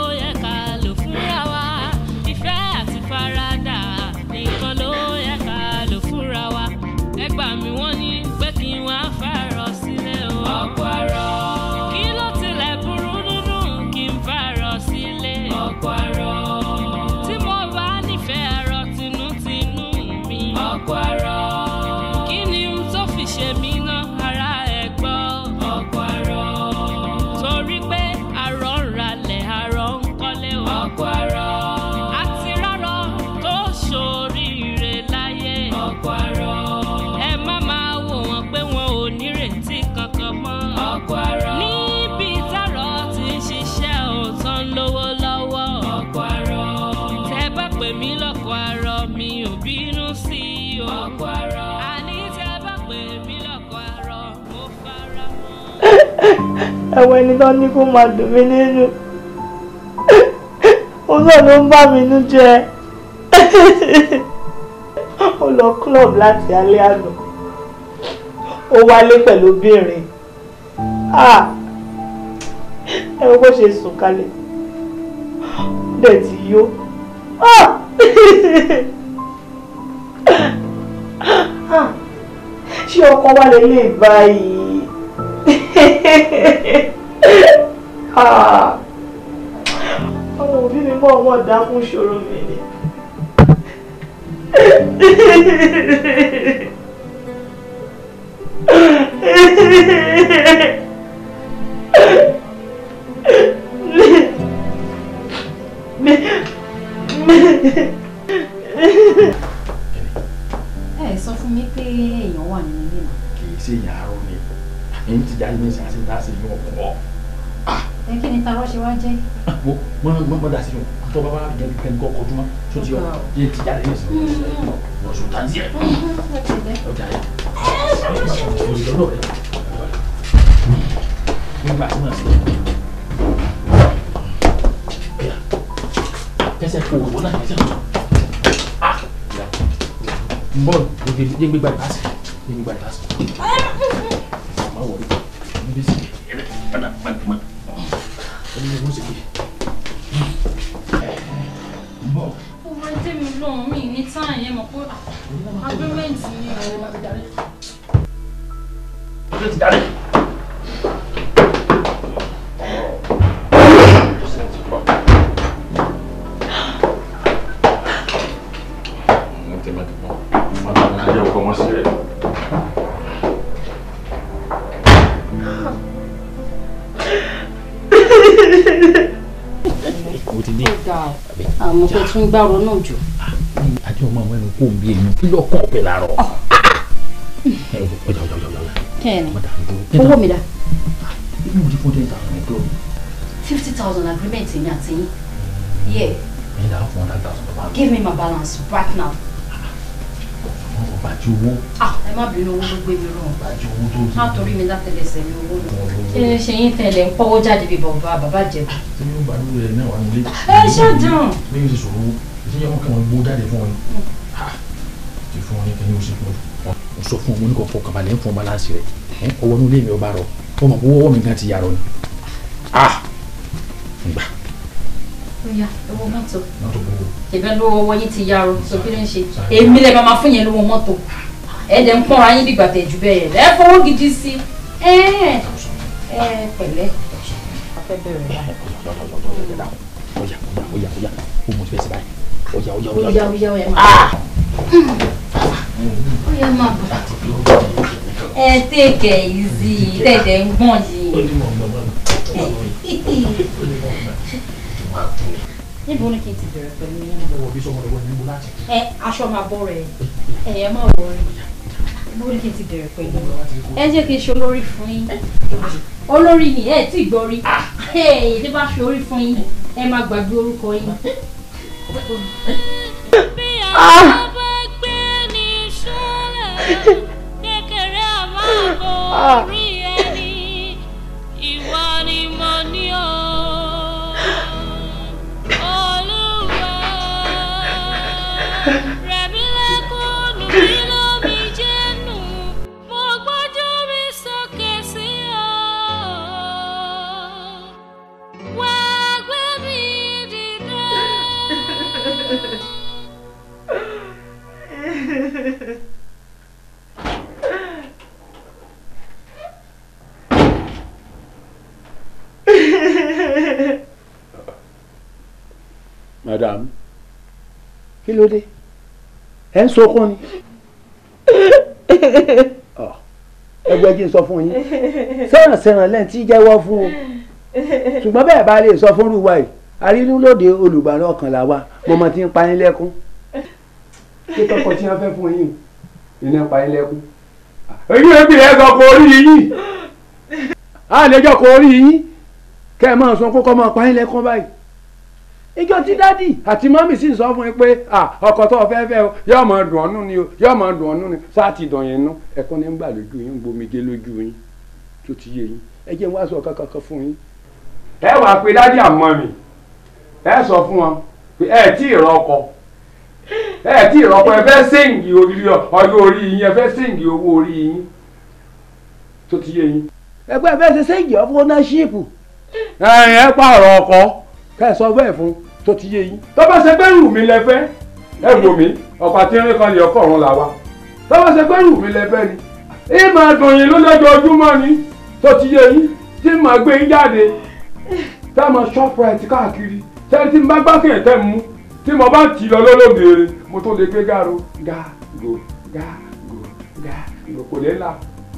ẹ̀wọ̀n ẹni tán ní kó máa dùn mí nínú òun náà ló ń bà mí nú jẹ́ ó lọ club láti alẹ́ àná ó wálé pẹ̀lú obìnrin ah! ẹ wo bó ṣe sùn kalẹ̀ dẹ̀ ti yó ah! Ah! ṣé ọkọ wálé lè báyìí àwọn ah. òbí mi mọ̀ wọ́n dá fún ìṣòro mi ni. ẹ sọ fún mi pé èèyàn wà nínú ilé náà. kì í ṣe èèyàn àárọ̀ ẹ̀yin ti jáde ní ìsànsìn tá a sì yọ ọ̀pọ̀. ẹ kí ni tàwọn ṣe wá jẹ́. Ah, mo mo mo mo dà sí yọ àtọ bàbá mi jẹbi pẹ̀lú kọkọ jùmọ tó ti yọ ẹ ti jáde ní ìsànsìn lọ mm-hmm. sùn tàǹtì ẹ. ọjà yẹ olùdọ́dọ̀ rẹ nígbà tí wọ́n ti kẹsẹ̀ kò wọ́n náà kẹsẹ̀ kò n ah! gbẹgbẹgbẹ gbàgbà gbẹgbẹgbẹ gbàgbà má wọlé ní bí sèké ẹ̀rẹ́ padà gbàgbọ́ ẹ̀ ní bí sèké. bọ́. ó máa dé mi lóhùn mi ní táyà àmọ́ kò tún gbàrọ náà jù. àjọ ọmọ àwọn ẹnu kò ń bí èmi kí ló kàn pé láàárọ̀. Ah! ọjà ọjà ọjà ọjà kẹ́ni owó mi dá. ibi mo ti fún ten thousand ní club. fifty thousand agreement èmi àti yín yẹ. mi ìlànà fún one hundred thousand tó give me my balance right now. àwọn owó. ah ẹ má bínú owó ló gbé mi rán. ọba ju owó tó. má torí mi látẹlẹsẹ ní owó lọ. kí ni ṣe yín tẹ́lẹ̀ ń pọ́wọ́ jáde bí bàbá bàbá jẹ̀bù irú rẹ̀ náà wà nílé. ẹ ṣe dùn. bí mi ṣe sọ̀rọ̀ o ṣe yẹ kó kí wọn gbó jáde fún wọn ni. Mm. ti fún wọn ní kẹ́ni ó ṣe fún wọn. mo sọ fún ọmọ oníkọ̀ fọkàn balẹ̀ ń fún balansi rẹ̀ ọwọ́ inú ilé mi ọba rọ ọmọ kó wọ́wọ́ mi gan ti yàrá ni. ngbà. oya owó mọ́tò. mọ́tò gbogbo. ìbẹ́ ló wọ́wọ́ yín ti yàrá sọ kí ló ń ṣe èmi lè máa fún yẹn lówó mọ́tò ẹ̀ẹ́dẹ̀ ń pọ́nra yín bí gbàtẹ̀jú bẹ́ẹ̀ ẹ fọwọ́ gidi sí ẹ ẹ pẹ̀lẹ́. afẹ́ bẹ̀rẹ̀ báyìí lọ́nà lọ́nà lọ́nà lọ́nà ọ̀yà ọ̀yà ọ̀yà ó mú fèsì báyìí ọ̀yà ọ̀yà ọ̀yà ọ̀yà ọ̀yà ọ̀yà ọ̀yà máa bọ̀ ẹ tèkẹ̀ ìzì tẹ̀dẹ̀ ń gbọ̀n yìí. níbo ni kí n ti bẹ̀rẹ̀ pẹ̀lú yín. ọwọ́ bí sọmọ lọ́wọ́ níbo láti. ẹ aṣọ máa bọ́ rẹ̀ ẹ ẹ má wọ rẹ̀ níbo ni kí n ti bẹ̀rẹ̀ pẹ̀lú yín. ẹ jẹ́ kí n ṣe olórí fún yín olórí ni ẹ ti gbọ́ rí tí bá fi orí fún yín ẹ máa gbàgbé orúkọ yín. Ah. bí madam kí ló dé ẹ ń Oh, ni ah, ẹ jẹ́ kí n sọ fún yín sẹ́ràn sẹ́ràn lẹ́yìn tí jẹ́wọ́ fún o ṣùgbọ́n bẹ́ẹ̀ bá lè sọ fún rúwa yìí arínúlòdì olùgbàlà ọkànlá wa mo mọ ti ń pa yín ṣé tọkọ tí wọn fẹ́ fún yín iná pa yín lẹ́kún. èyí ò bìrẹ̀ ẹ̀gàn kò rí yín àlejò kò rí yín kẹ́ ẹ̀ máa sọ kókó máa pa yín lẹ́kún báyìí. ìjọ tí dádì àti mọ́mì sì ń sọ fún yín pé ọkọ tó fẹ́ fẹ́ o yóò máa dùn ọ́nú ni o yóò máa dùn ọ́nú ni sáà ti dàn yẹn nú ẹ̀kọ́ ni ń gbà lójú yín ń gbomi gé lójú yín tó ti yé yín ẹ jẹ́ wá sọ kankan fún yín. ẹ wàá pe dádì àmọ́ mi ẹ sọ fún wọn pé ẹ tí ì rọ ọkọ ẹ tí ìrọ́pọ̀ ẹ fẹ́ sẹ́ǹgì ọjọ́ orí yín ẹ fẹ́ sẹ́ǹgì owó orí yín tó ti yé yín. ẹgbẹ́ fẹ́ ṣe sẹ́ǹgì of ownership. ẹ̀yìn ẹ pààrọ̀ ọkọ kẹsàn bẹ́ẹ̀ fún tó ti yé yín. tó bá ṣe pé rù mí lẹ fẹ́ ẹ wò mí ọ̀pá tí irin kan lè ọkọ̀ ọ̀run là wa tó bá ṣe pé rù mí lẹ fẹ́ ni ẹ máa dùn yín lójoojúmọ́ ni tó ti yé yín tí màá gbé yín jáde tá a máa ṣọ́ọ̀pù ẹ̀ ti káàkiri tẹ́tí tí mo bá kì í lọ lọ́lọ́dẹ̀ẹ́rẹ́ mo tó lè gbé gàrú gàgò gàgò gàgò kò lè la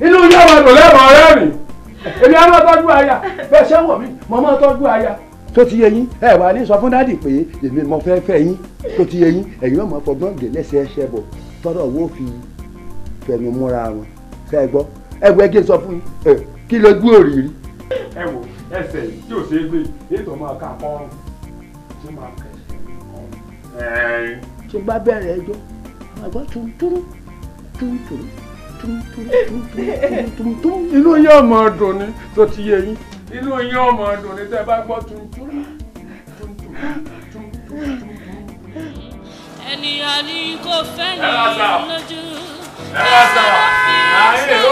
inú yàrá ìlú lẹ́mọ̀ ọ̀rẹ́ mi èmi á máa tọ́jú aya bẹ́ẹ̀ ṣé mi. mí mo máa tọ́jú aya. tó ti yé yín ẹ wà ní sọ fún dádì pé èmi mo fẹ́ fẹ́ yín tó ti yé yín ẹ̀yin ọmọ fọgbọ́n gè lẹ́sẹ̀ ẹṣẹ́ bọ̀ tọ́rọ̀ wo fi fẹnu múra wọn fẹ́ gbọ́ ẹ wọ ẹgbẹ́ sọ fún yín kí ló gbé òrìrì. ẹ wo ẹsẹ̀ tí ò ṣeé gbé ètò ọmọ ọ̀ka àpọ̀ ọ̀run tí n bá bẹ̀rẹ̀ ẹjọ́ àgbà tuntun tuntun tuntun inú yín ọmọ ọdún ni tó ti yé yín inú yín ọmọ ọdún ni tẹ́ bá gbọ́ tuntun tuntun ènìyàn ni kò fẹ́ ní lójú ẹ̀rọ fi ṣe é.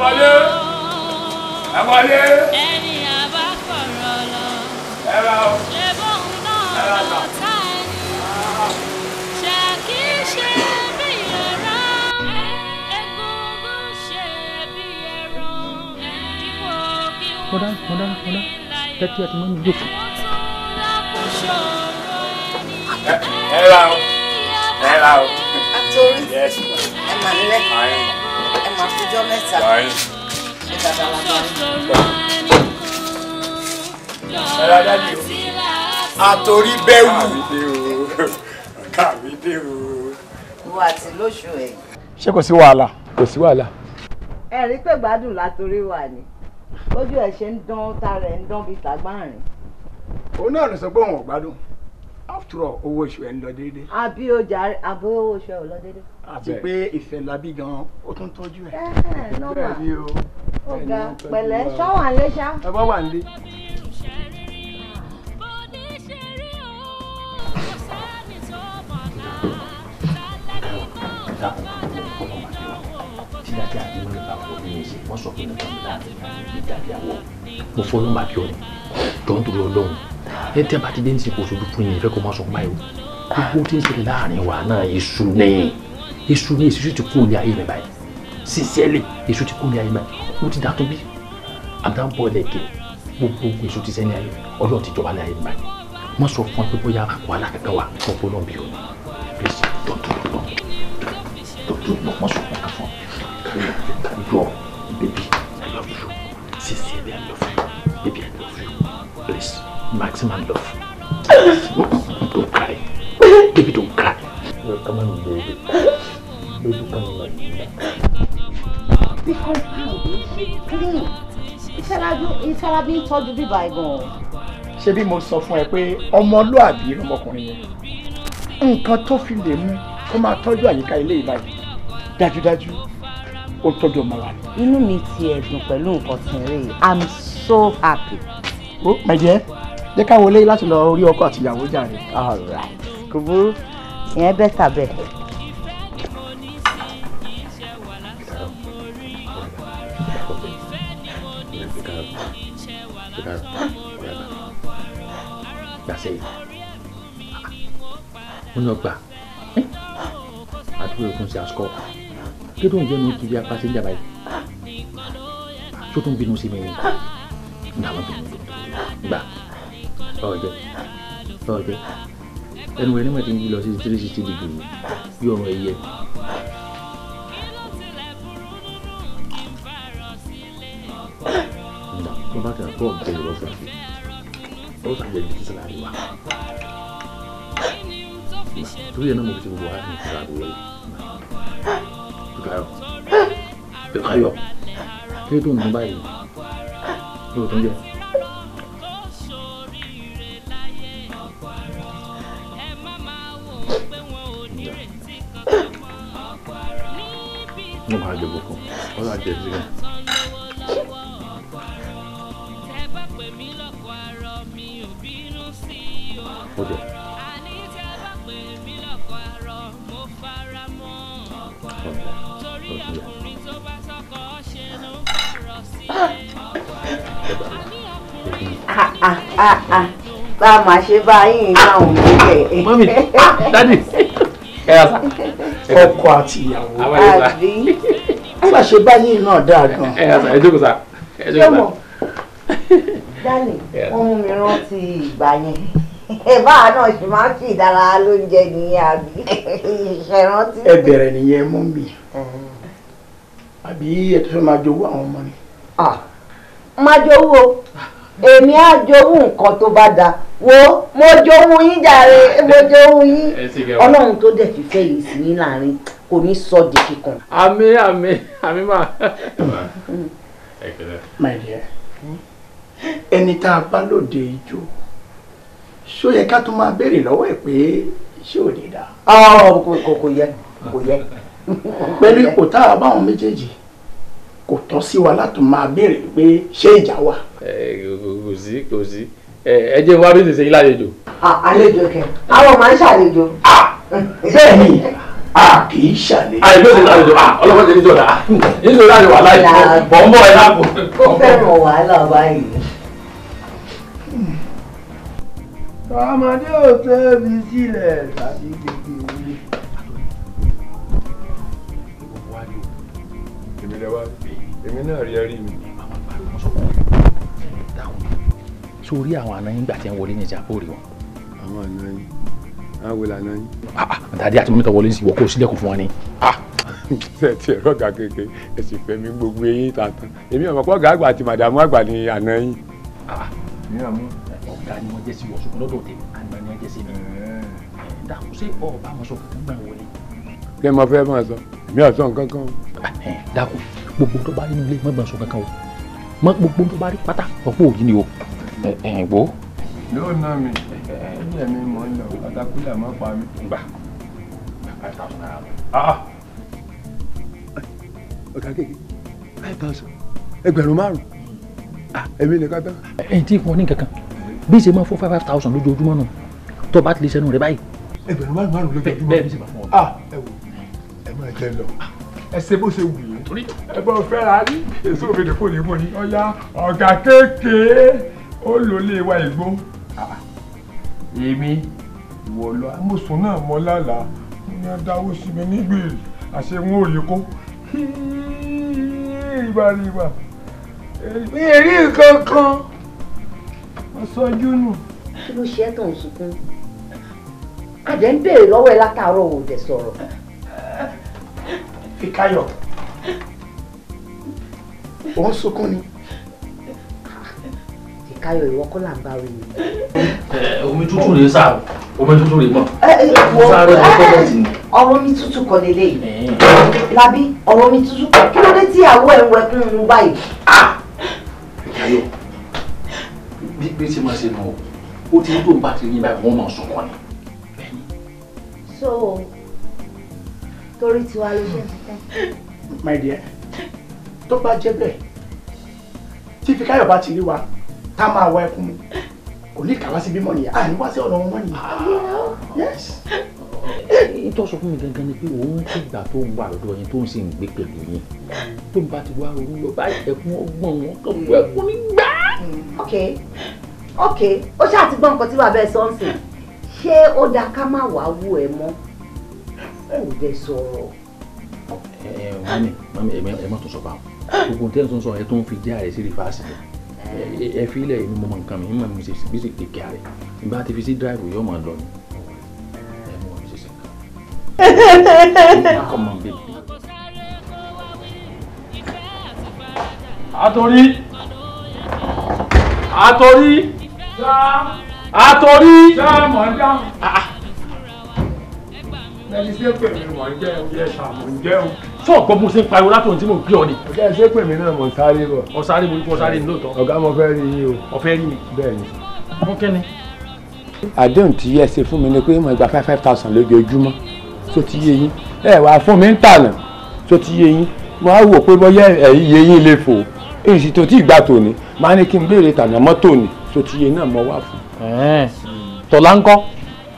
Valeu! ẹ wọlé. ẹni àbá kọ̀rọ̀ lọ. ẹ ra o. ṣé bóun náà lọ tá ẹni. ṣe kì í ṣe bí ẹran. egungun ṣe bí ẹran. dípò kí wọ́n fi ní láyé. tẹ́tí àti mọ́mí yóò fún. ó tún lọ́kùn ṣòro ẹni. ẹ ra o. ẹ ra o. àtòrí ẹ mà nílẹ̀ ẹ mà fújọ́ mẹ́ta àtòrí bẹ́wù kàmí dé o. wo àti lóṣù ẹ̀. ṣé kò sí wàhálà. kò sí wàhálà. ẹ rí pé gbádùn látòrí wà ní ojú ẹ ṣe ń dán tara ẹ ń dán bíi tàgbáàrin. òun náà ló sọ pé òun ò gbádùn after all owó oṣù ẹ ń lọ déédéé. àbí ọjà àbó owó oṣù ẹ ò lọ déédéé. àti pé ìfẹ́ labí gan-an ó tún tọ́jú ẹ̀. bẹ́ẹ̀ ni o. ọ̀gá pẹ̀lẹ́ ṣọ́wà ń lé ṣá. ẹ bá wà ń lé. tí dájú àti wọlé bá fọ bí mi wọ́n sọ pé nǹkan mi láti fi dájú àwọn mo fọyín máa bí ọ ni jọ nítorí ọlọ́run ní tí a bá ti dé nísìnyí kò sojú fún yín ìfẹ́ kó má sọ pa ìwò gbogbo tí ń ṣe láàrin wa náà èṣù ni èṣù ni èṣù ti kú ní ayé mi báyìí sincerely èṣù ti kú ní ayé mi báyìí ó ti dàtún bí àbúrò bọ́ ẹlẹ́gẹ̀ gbogbo èṣù ti sẹ́ni ayé ọlọ́run ti jọba ní ayé mi báyìí wọ́n sọ fún ọ pé bóyá wàhálà kankan wà fún ọpọlọ bí o ní please don't do it long don't do it long wọ́n sọ fún ọ kàn fún ọ kàn yọ baby I love you sincerely I love you. Please, maximum love. don't cry. Baby, don't cry. No, come on, baby. Baby, come on. Because you clean. Ìṣẹ́ra bí ń tọ́jú bíbá ẹ̀ gan-an. Ṣé bí mo be fún ẹ pé ọmọlúàbí ọmọkùnrin yẹn? Nǹkan tó fi lè mú kó máa tọ́jú àyíká ilé ìbáyìí. Dájúdájú, ó tọ́jú ọmọ wa ni. Inú mi ti ẹ̀dùn pẹ̀lú nǹkan tẹ̀rẹ̀ I'm so happy ó mẹjẹ jẹ́ káwọn eléyìí láti lọ orí ọkọ àti ìyàwó jàre. kò burú ìyẹn bẹ́ẹ̀ tàbẹ̀. onye ọgba àdúgbò ìkún sí asukọ kí ló ń jẹ́ ní kiri apá sí ìjàmbá yìí tó tún bínú sí mi gbà ọ̀jẹ̀ ọ̀jẹ̀ ẹnu ẹni mọ̀ tí ń yí lọ sí three sixty degree bí ọmọ ẹyẹ. wọ́n bá tẹ̀lé fún ọ̀gbìn ìrọ̀ fún mi ó sàgbé ibi tí sàlárì wà. torí ẹ̀ náà mo fi ṣe gbogbo wa ní ìfura àbúrò yìí. Bùkáyọ̀ Bùkáyọ̀ ló tún jẹ. mo máa jẹ gbogbo ọlọ àjẹ sílẹ̀. Okay. Okay. Okay. Ah! Ah ah ah ah, bá yín náà ò ní bẹ̀. mọ́mí dádì ẹ ra sa. ọkọ àti ìyàwó àbí bá a ṣe bá yín náà dáa gan. ẹ ra sa ẹ jókòó sa ẹ jókòó sa. dálì ọmọ mi rántí ìgbà yẹn báwa náà ṣe máa ń fi ìdárayá lóúnjẹ nìyẹn àbí ìṣèrántí. ẹ bẹ̀rẹ̀ nìyẹn mọ́mí àbí ẹ tó fẹ́ máa jowó àwọn ọmọ ni ma jowo, o èmi á jowú nǹkan tó da wo mo jowú yín jàre mo jowú yín ọlọ́run tó dẹ̀ fífẹ́ yìí sí yín láàrin kò ní sọ di kíkan. àmín àmín àmín máa. my dear ẹni tá a bá lóde ijó ṣó yẹ ká tún máa béèrè lọ́wọ́ ẹ̀ pé ṣé ò lè dá. Ah, kò yẹ kò yẹ. pẹ̀lú ipò tá a bá àwọn méjèèjì kò tọ́ sí wa láti máa béèrè pé ṣé ìjà wà. kò sí kò sí ẹ jẹ́ wá bí ṣe ṣe yín lálejò. àlejò kẹ àwọn máa ń ṣàlejò. bẹ́ẹ̀ ni a kì í ṣàlejò. àyè ló ti lálejò ọlọ́wọ́ ti ní jọ̀dá nítorí láti wà láì bọ̀ ń bọ̀ ẹ láàbò. ó fẹ́ràn wàhálà báyìí. ọmọdé ò tẹ́ mi sílẹ̀ tàbí gbogbo ìwé. èmi lè wá èmi náà rí ẹrí mi. àwọn àgbà mi sọ fún mi dáhùn mi. sórí àwọn àna yín gbà tí ń wọlé ní ìjà àpòrí wọn. àwọn àna yín àwọn àna yín. àtàdé ah, ah, àti mọ́tò wọlé ń sìn wọ́n kó sílẹ̀kùn fún wọn ni ah. ẹ ti ẹ̀rọ ọ̀gá kékeré ẹ sì fẹ́ mi gbogbo eyín tantan èmi ọ̀mọ̀ pọ̀ gàgbà àti màdàmú àgbà ni àná yín. mi ò mú ọ̀gá ni wọ́n jẹ́ sí ọ̀ṣun lọ́dọ̀ tèmi àgbà ni wọ́n jẹ́ sí mi. Eh, dàkú ṣé ọba àwọn sọ kankan gbà wọlé. kí ẹ máa fẹ́ máa sọ mi ò nǹkan kan. Eh, dàkú gbogbo tó bá rí nílé mọ́gbọ̀n sọ kankan o mọ gbogbo tó bá rí pátá ọ̀pọ̀ òyìn ni o ẹ ẹ gbọ́. yóò ná mi ẹ̀yìn mi mọ̀ ń lọ àtàkùlà má pa mi. gbà five thousand naira lọ. Ah! ọ̀gá kéèké five thousand ẹgbẹ̀rún márùn-ún ẹ̀mí ah, nìkan tán. ẹ̀ ń tí fún ọ ní kankan bí ṣe máa fún five five thousand lójoojúmọ́ náà tó bá ti lè sẹ́nu rẹ̀ báyìí. ẹgbẹ̀rún márùn-ún lójoojúmọ́ bí ṣe máa fún ọ. Ah, ẹ wò ẹ máa jẹ lọ ẹ ṣe bó ṣe wù yín ẹ bọ́ fẹ́ra rí èso òfin kò lè mọ̀ ní ọ̀yá ọ̀gá kéékèé ó lò lè wa ìgbó. Ah. èmi wọ̀ lọ amósùn náà mọ́ lálàá mo ní adáwó sí mi nígbèrè àṣẹ wọn ò rí kó ìbáríbà mi ì rí nǹkan kan wọ́n sọjú nù. kí ló ṣe é tó ń sunkún àjẹ́ ń béèrè lọ́wọ́ ẹ látàárọ̀ òde sọ̀rọ̀. Fikayo ó ń sunkún ni Fikayo ìwọ kọ́ là ń bá rí mi. omi tútù rèé sá omi tútù rèé mọ̀ sáré ọkọ̀ bọ̀ sí ni. ọ̀rọ̀ mi tútù kọ́ lélẹ́yìí labi ọ̀rọ̀ mi tútù kọ́ kí ló dé tí àwọ̀ ẹ̀ ń wẹkún un báyìí. Fikayo ah! bí pé ṣe máa ṣe nù ó ti ń tó bá ti yín báyìí wọ́n máa sunkún ni. so torí tiwa ló ṣe my dear tó bá jẹ́ bẹ́ẹ̀ tí Fíkáyọ̀ bá ti rí wa ká máa wá ẹkún mu kò ní kàwá sí bímọ nìyà àní wá sí ọ̀nà wọn nìyà. yes. ìtọ́ sọ fún mi gangan ni pé òun ti gbà tó ń wà lọ́dọ̀ yẹn tó ń sì ń gbé pẹ̀lú yẹn tó ń bá ti wá ronú lọ bá ẹkún ọgbọ́n wọn kàn wọ ẹkún ní gbá. ok ok ó ṣáà ti gbọ́ nǹkan tí bàbá ẹ sọ ṣé ó dáa ká má wàá wú ẹ mọ́ ò jẹ́ sọ̀rọ̀. gbogbo tẹ́ ẹ ẹ tó ń fi jẹ́ àrẹ sí rìfáàsì ẹ fi ilẹ̀ èmi mo nǹkan mi ìmọ̀ mi ṣe bí sì àrẹ ìgbà tí fi sí dráìbù yóò máa lọ ni ẹ mọ̀ mi ṣe nǹkan. àtòrí àtòrí àtòrí. Ah, ah ẹni tí ó pè mí mọ̀ ń jẹ́ oúnjẹ ṣàmù ń jẹun. tó ọ̀gbọ́n mo ṣe ń pariwo látòun tí mo gbé ọ ni. ọ̀gá ẹ ṣe pè mí náà mo ń sáré bọ̀. ọ sáré mo ní kí wọ́n sáré ní lóòótọ́. ọ̀gá mo fẹ́ rí yín o. ọ̀fẹ́ rí mi. bẹ́ẹ̀ ni. fún kẹ́ni. àdéhùn tí ẹ ṣe fún mi ni pé mo gba five five thousand lójoojúmọ́ tó ti yé yín ẹ wàá fún mi ń tànà tó ti yé yín mo á wò pé bóyá ẹ̀yẹ yín lè fò èsì tó ti gbà tòní máa ní kí n béèrè tànà mọ́tò ni tó ti yé náà mo wà fún. tọ́lá ń kọ́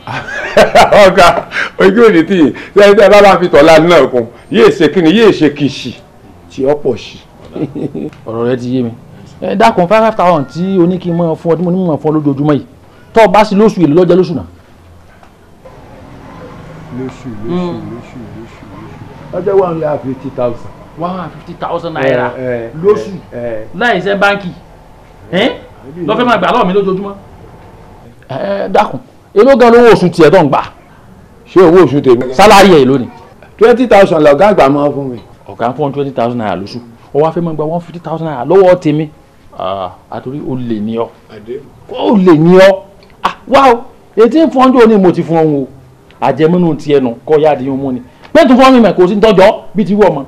ọ̀gá ojú òní tí yìí lẹ́yìn bá bá fi tọ̀la náà kún yéè ṣe kíni yéè ṣe kìsì tí ó pọ̀ sí. ọ̀rọ̀ rẹ ti yé mi ẹ dákun five five thousand tí oníkì mọ̀ fún ọdún onímọ̀ fún lójoojúmọ́ yìí tọ́ ọ bá sí lóṣù èlò lọ́jọ́ lóṣù náà. lóṣù lóṣù hmm. lóṣù lóṣù lọ́jọ́ one hundred and fifty thousand. one hundred and fifty thousand naira eh, eh, lóṣù eh, láì ṣe báńkì lọ́fẹ́ máa gbà lọ́ọ̀ mi lójoojúmọ́. ẹ dákun èló gan lówó oṣù tiẹ̀ tó ń gbà ṣé owó oṣù tèmi sálárì ẹ̀ lónìí. twenty thousand lọ̀gá àgbà máa fún mi. ọ̀gá fún twenty thousand naira lóṣù ó wá fẹ́ máa gba one fifty thousand naira lọ́wọ́ tèmi ah, àtòrí o lè ní ọ o lè ní ọ ah, wá o eighteen fún ọjọ́ ni mo ti fún ọ̀hún o àjẹmọ́nù tiẹ̀ nù kọ́ yáa di ọmọ ni pé tún fún mi mẹ́ kò sí ní tọ́jọ́ bí ti wú ọmọ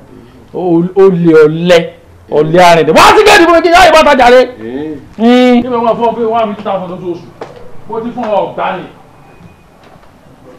o lè ọlẹ́ ọlẹ́ arìndẹ̀ wá sí kéde fún mi kí n yá ìbátajàre. kí ló ń wá fún ọ pé one fifty thousand lóṣooṣù mo ti fún ọ ọ̀gbá ni.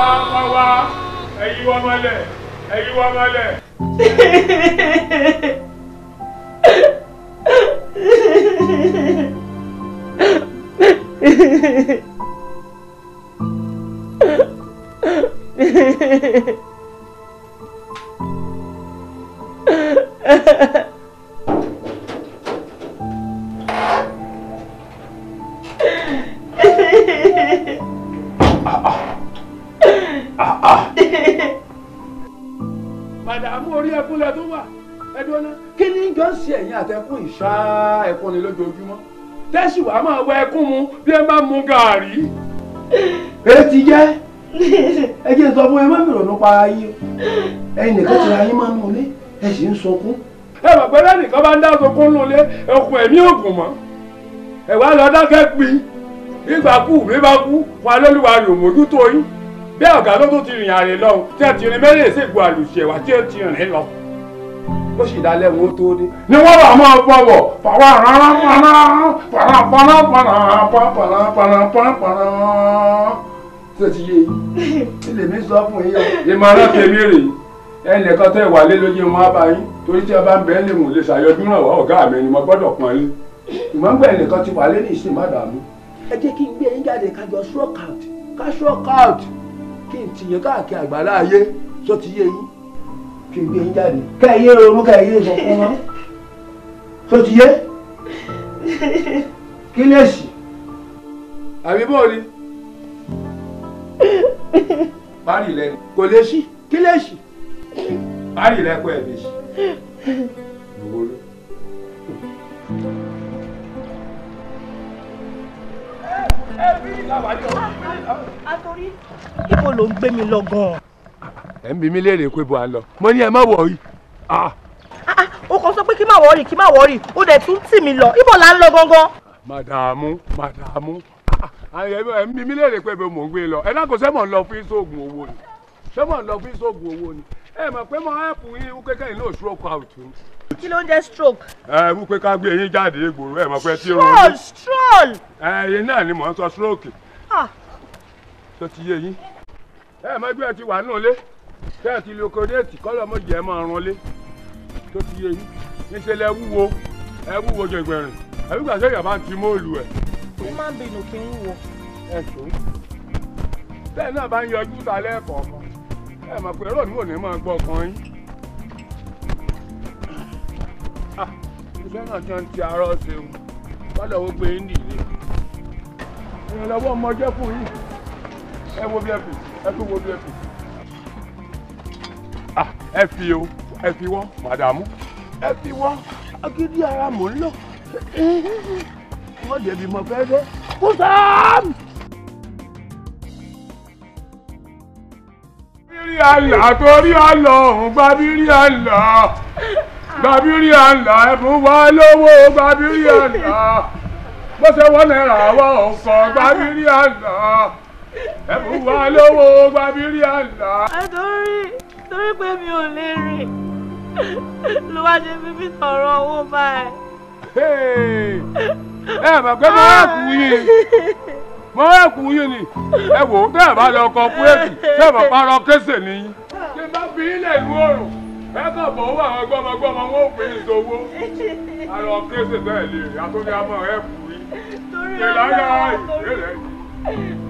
wá wá wá ẹ̀yí wá mọ́lẹ̀ ẹ̀yí wá Ha ha ha. lẹ tó wà ẹdùn náà kí ni jọ ń ṣe ẹ̀yìn àtẹkùn ìṣá ẹ̀kún ni lójoojúmọ́ tẹ́sí wàá máa wọ ẹkún mu bí ẹ bá mu gàárì. ẹ ti jẹ́ ẹ jẹ́ sọ fún ẹ má bèrè nípa ara yín ẹ̀yin nìkan ti ra yín máa nù lé ẹ sì ń sọkún. ẹ mọ̀ pé lẹ́nìkan bá ń dá sọkún nù lé ẹkùn ẹ̀mí ògùn mọ́ ẹ wá lọ dákẹ́ pin ìgbà kú mi bá kú wà lólúwa lò mójútó yín bí ọ̀gá ló tó ti rìn àrè lọ tí ẹ ti rìn mẹ́rẹ̀ẹ́sẹ̀gbọ́ àlùṣẹ̀wá tí ẹ ti rìn lọ ó sì dalẹ̀ wọn ó tó dé. ni wọ́n bá máa bọ̀ bọ̀ fàwa rárá paná paná paná paná paná paná paná paná tó ti yé ilé mi sọ fún yín o. ìmọ̀ràn tèmi rèé ẹnìkan tẹ́ ìwà lé lójú wọn á yín torí tí a ń bẹ́ẹ̀ lè mú lè ṣàyọdún ràn wá ọ̀gá mi ni mo gbọ́dọ̀ pọ́n lé ìmọ̀ ń gbẹ̀ ti wà lé ní ìsìn má ẹ jẹ́ kí n gbé yín jáde ká jọ stroke kí n tìyẹn káàkiri àgbàlá ayé tó ti yé yín kí gbé yín jáde kẹ́ẹ̀yé ronú kẹ́ẹ̀yé ìsọ̀kún wọn tó ti yé kí lè sì. àbí bó o parí lẹ́nu kò lè sí kí lè sí. parí lẹ́kọ̀ọ́ ẹ̀ lè sí. Àtòrí, ibo ló ń gbé mi lọ gan-an? ẹ̀ ń bi mí léèrè pé bó a lọ mo ní ẹ má wọrí. Ah. Ah, ah, o kàn sọ pé kí má wọrí kí má wọrí o dẹ̀ tún tì mí lọ ibo là ń lọ gangan. màdàmú màdàmú ẹ ń bi mí léèrè pé bó mò ń gbé lọ ẹ náà kò sẹ́mọ̀ ń lọ fún ìṣòògùn owó ni sẹ́mọ̀ ń lọ fún ìṣòògùn owó ni ẹ mọ̀ pé mo hẹ́pù yín kékeré ní stroke out ni. kí ló ń jẹ́ stroke. ẹ wú pé ká gbé eyín jáde ìgboro ẹ mọ̀ pé tí o. stroll stroll. ẹ yín náà ni mò ń sọ stroke. tó ti yé yín. ẹ mọ ẹgbẹ́ ti wà nù lé ẹ ti lo kọ́dẹ́ẹ̀tì lé tó ti yé yín níṣẹ́ lẹ wúwo ẹ wúwo jọ ìgbẹ̀rìn àbí gbàgbé yàrá ti móòlù e ó máa ń bẹnu kí n wúwo. ẹ sọ náà bá ń yọjú ta ẹ ti ń ti ṣeun gbé ọmọ jẹ́ fún Ah, ẹ fi o ẹ fi wọ́n màdàmú ẹ fi wọ́n agídí ara mò ń lọ wọ́n dẹ̀bi mọ̀ fẹ́ dẹ́ kó sáàm. bírí àlà torí àlọ́ òun gba bírí àlà gba bírí àlà ẹ̀bùn wa lówó gba bírí àlà bó ṣe náírà wọ́n kọ́ gba bírí àlà ẹ fún wa lówó gbàmírí àlá. àtòrí torí pé mi ò lè rìn ló wá ṣe fífi sọ̀rọ̀ owó báyìí. ẹ mọ̀ pé mo wá kú yín mo wá kú yín ni ẹ wò ó tẹ́ ẹ bá lọ kọ kúrẹ́tì tẹ́ ẹ bá parọ́ kéṣè nìyí. ṣé bá fi ilẹ̀ ìlú òrùn ẹ̀ka bọ̀ wọ àwọn gbọ́mọgbọ́mọ wọn ò pè é sowó àrò kéṣe bẹ́ẹ̀ lè àtúndì àmọ́ ẹ̀ kú yín. torí ọ̀la ìrẹ̀lẹ̀ yìí.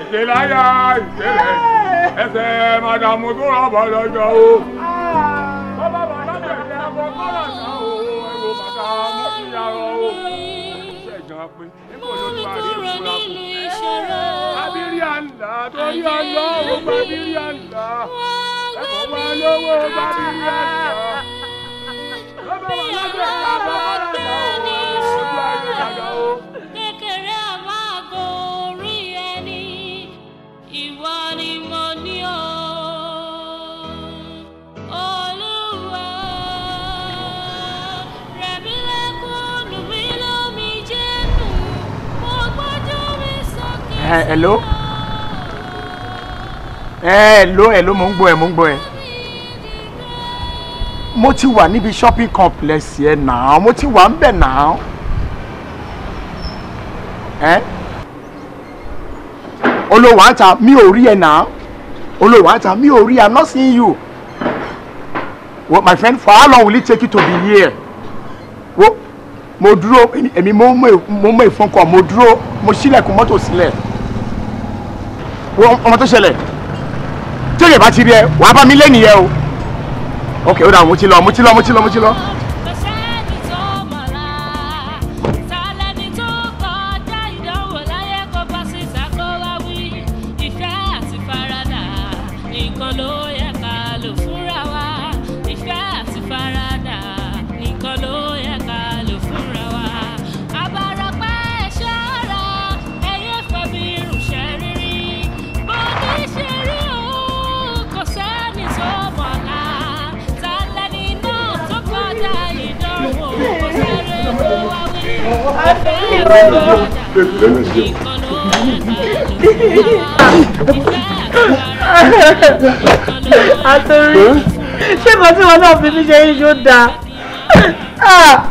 ìṣèláyà ìṣẹ̀lẹ̀ ẹsẹ̀ màdàmú tó rọ̀ bọ̀ lọ́jọ́ o. bàbá bàbá bẹ̀rẹ̀ ẹ̀fọ́ tó rà náà o ẹ̀rọ màdàmú ti yà rọ o. ṣẹ̀gbọ́n pé níbo ló ti parí ìfura kù. abiri àǹdà torí ọlọ́ o gbàbírí àǹdà ẹ̀fọ́ wa lówó gbàbírí àǹdà. bàbá bàbá bẹ̀rẹ̀ ẹ̀fọ́ tó rà náà o ẹ̀rọ màdàmú ti yà rọ o. hello hello hello mo ń gbọ́ mo ń gbọ́ ẹ mo ti wà níbi shopping complex here now. mo ti wà ń bẹ̀ náà ẹ olówó àtà mi ò rí ẹ náà olówó mi ò i'm not seeing you What, my friend for how long will it take you to be here well mo dúró èmi mo mọ ìfọ̀nkọ̀ mo dúró mo ṣílẹ̀kùn mọ́tò sílẹ̀ ọmọ tó ṣẹlẹ̀ tí òye bá ti rí ẹ wàá bá mi lé o ok ó dà mo ti lọ mo ti lọ mo ti lọ mo ti lọ. náà fi mí ṣe iṣu da. Ah.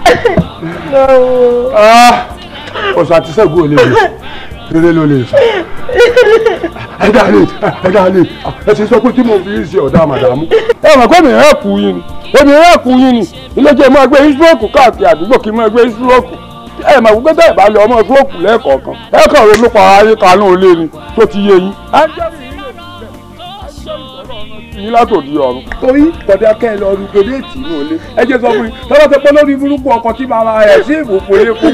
Ah. ọ̀sán àti sẹ́gun ò lè wò rere ló lè sọ ẹ dá lè ẹ dá lè ẹ ti sọ pé kí mo fi yín ṣe ọ̀dà màdàmú. ẹ mọ̀ pé mi rẹ̀ kù yín ni èmi rẹ̀ kù yín ni ilé jẹ́ máa gbé ìṣúrọ̀kù káàkiri àdúgbò kí n máa gbé ìṣúrọ̀kù ẹ mà wípé bẹ́ẹ̀ bá lọ ọmọ ìṣúrọ̀kù lẹ́ẹ̀kọ̀ọ̀kan ẹ kàn ronú pa ayé kanú olé ni tó ti yé yín. ajá yín látòdì ọ̀run torí bọ̀dé akẹ́yìn lọ ru gbèdéètì inú ilé ẹ jẹ́ sọ fún yín tọ́lá tó pọ́ lórí burúkú ọkọ̀ tí màmá ẹ̀ sí ìbùkún eléko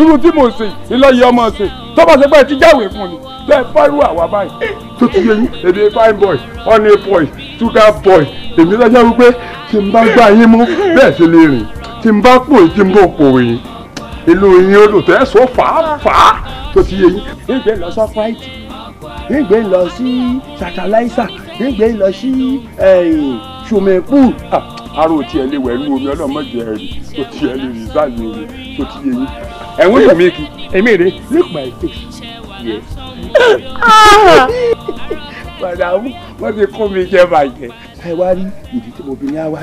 irú tí mo ṣe ìlọyẹ ọmọ ṣe tó bá ṣe pé ti jáwèé fún ni bẹ́ẹ̀ fáìrù àwa báyìí tó ti yẹ yín èmi fine boy honey boy sugar boy èmi lọ́jọ́ wípé tí n bá gbá yín mú bẹ́ẹ̀ ṣe lè rìn tí n bá pò tí n bò pò yín ìlú yín olùtẹ́ sọ fàáfàá tó ti yẹ yín. ìgbẹ́ lọ sọ fáìtì ìgbẹ́ lọ sí ṣàtàláìsà gbẹ̀ngbẹ̀ lọ sí ṣòmẹ̀kù aró tí ẹ lè wẹ̀ nú omi ọlọ́mọdé ẹ rí tó ti ẹ lè rí báyìí omi tó ti yẹ yín ẹ̀wọ̀n tó mi kì èmi rè look my yẹ. màdàmú wọ́n ti kó mi jẹ́ bàjẹ́. ẹ wá rí ìdí tí mo fi ní àwa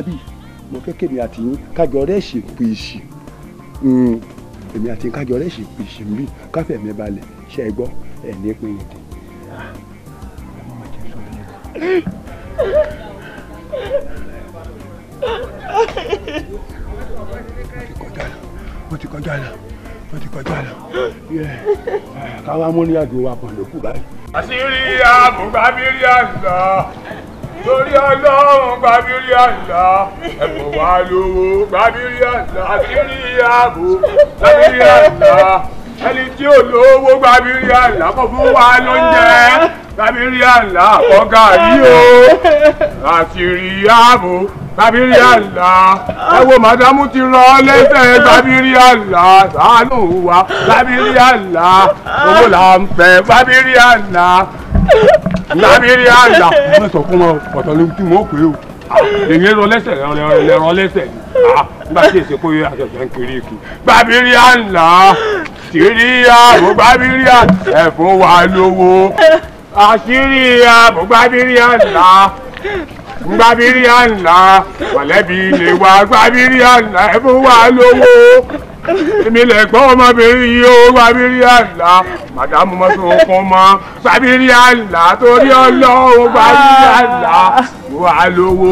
mo fẹ́ kémi àti yín kájọ rẹ̀ ṣèpè ìṣì hmm, èmi àti kájọ rẹ̀ ṣèpè ìṣì ń bì káfẹ́ mi balẹ̀ ṣe é gbọ́ ẹ̀ ní pín ó ti kọjá lọ ó ti kọjá lọ káwá múníyàgò wa pọ̀ lókù báyìí. àṣírí àbúgbàbírí àṣà lórí ọlọ́run gbàbírí àṣà ẹ̀bùn wa lówó gbàbírí àṣà àṣírí ààbò gbàbírí àṣà ẹni tí ò lówó gbàbírí àṣà kò fún wa lóúnjẹ tàbí rí àlá ọ̀gá yìí o àti rí ààbò tàbí rí àlá ẹ wo màdámù ti rọ lẹ́sẹ̀ tàbí rí àlá ṣàánú wa tàbí rí àlá owó là ń fẹ́ tàbí rí àlá tàbí rí àlá. sọ fún wọn ọ̀tọ̀ ni tí mo pè o èyí rọ lẹ́sẹ̀ lẹ́rọ lẹ́sẹ̀ ah, nígbà tí èsì kó yẹ àṣẹṣẹ ń kiri ikú tàbí rí tìrí àrò tàbí rí àlá wa lówó àṣírí àbúgbábírí àná gbábírí àná mọ̀lẹ́bí lè wá gbábírí àná ẹ̀fún wa lówó èmi lè gbọ́ ọmọbìnrin yìí ó gbábírí àná màdàmú mọ́tò okun mọ́ gbábírí àná torí ọlọ́run gbábírí àná wà lówó.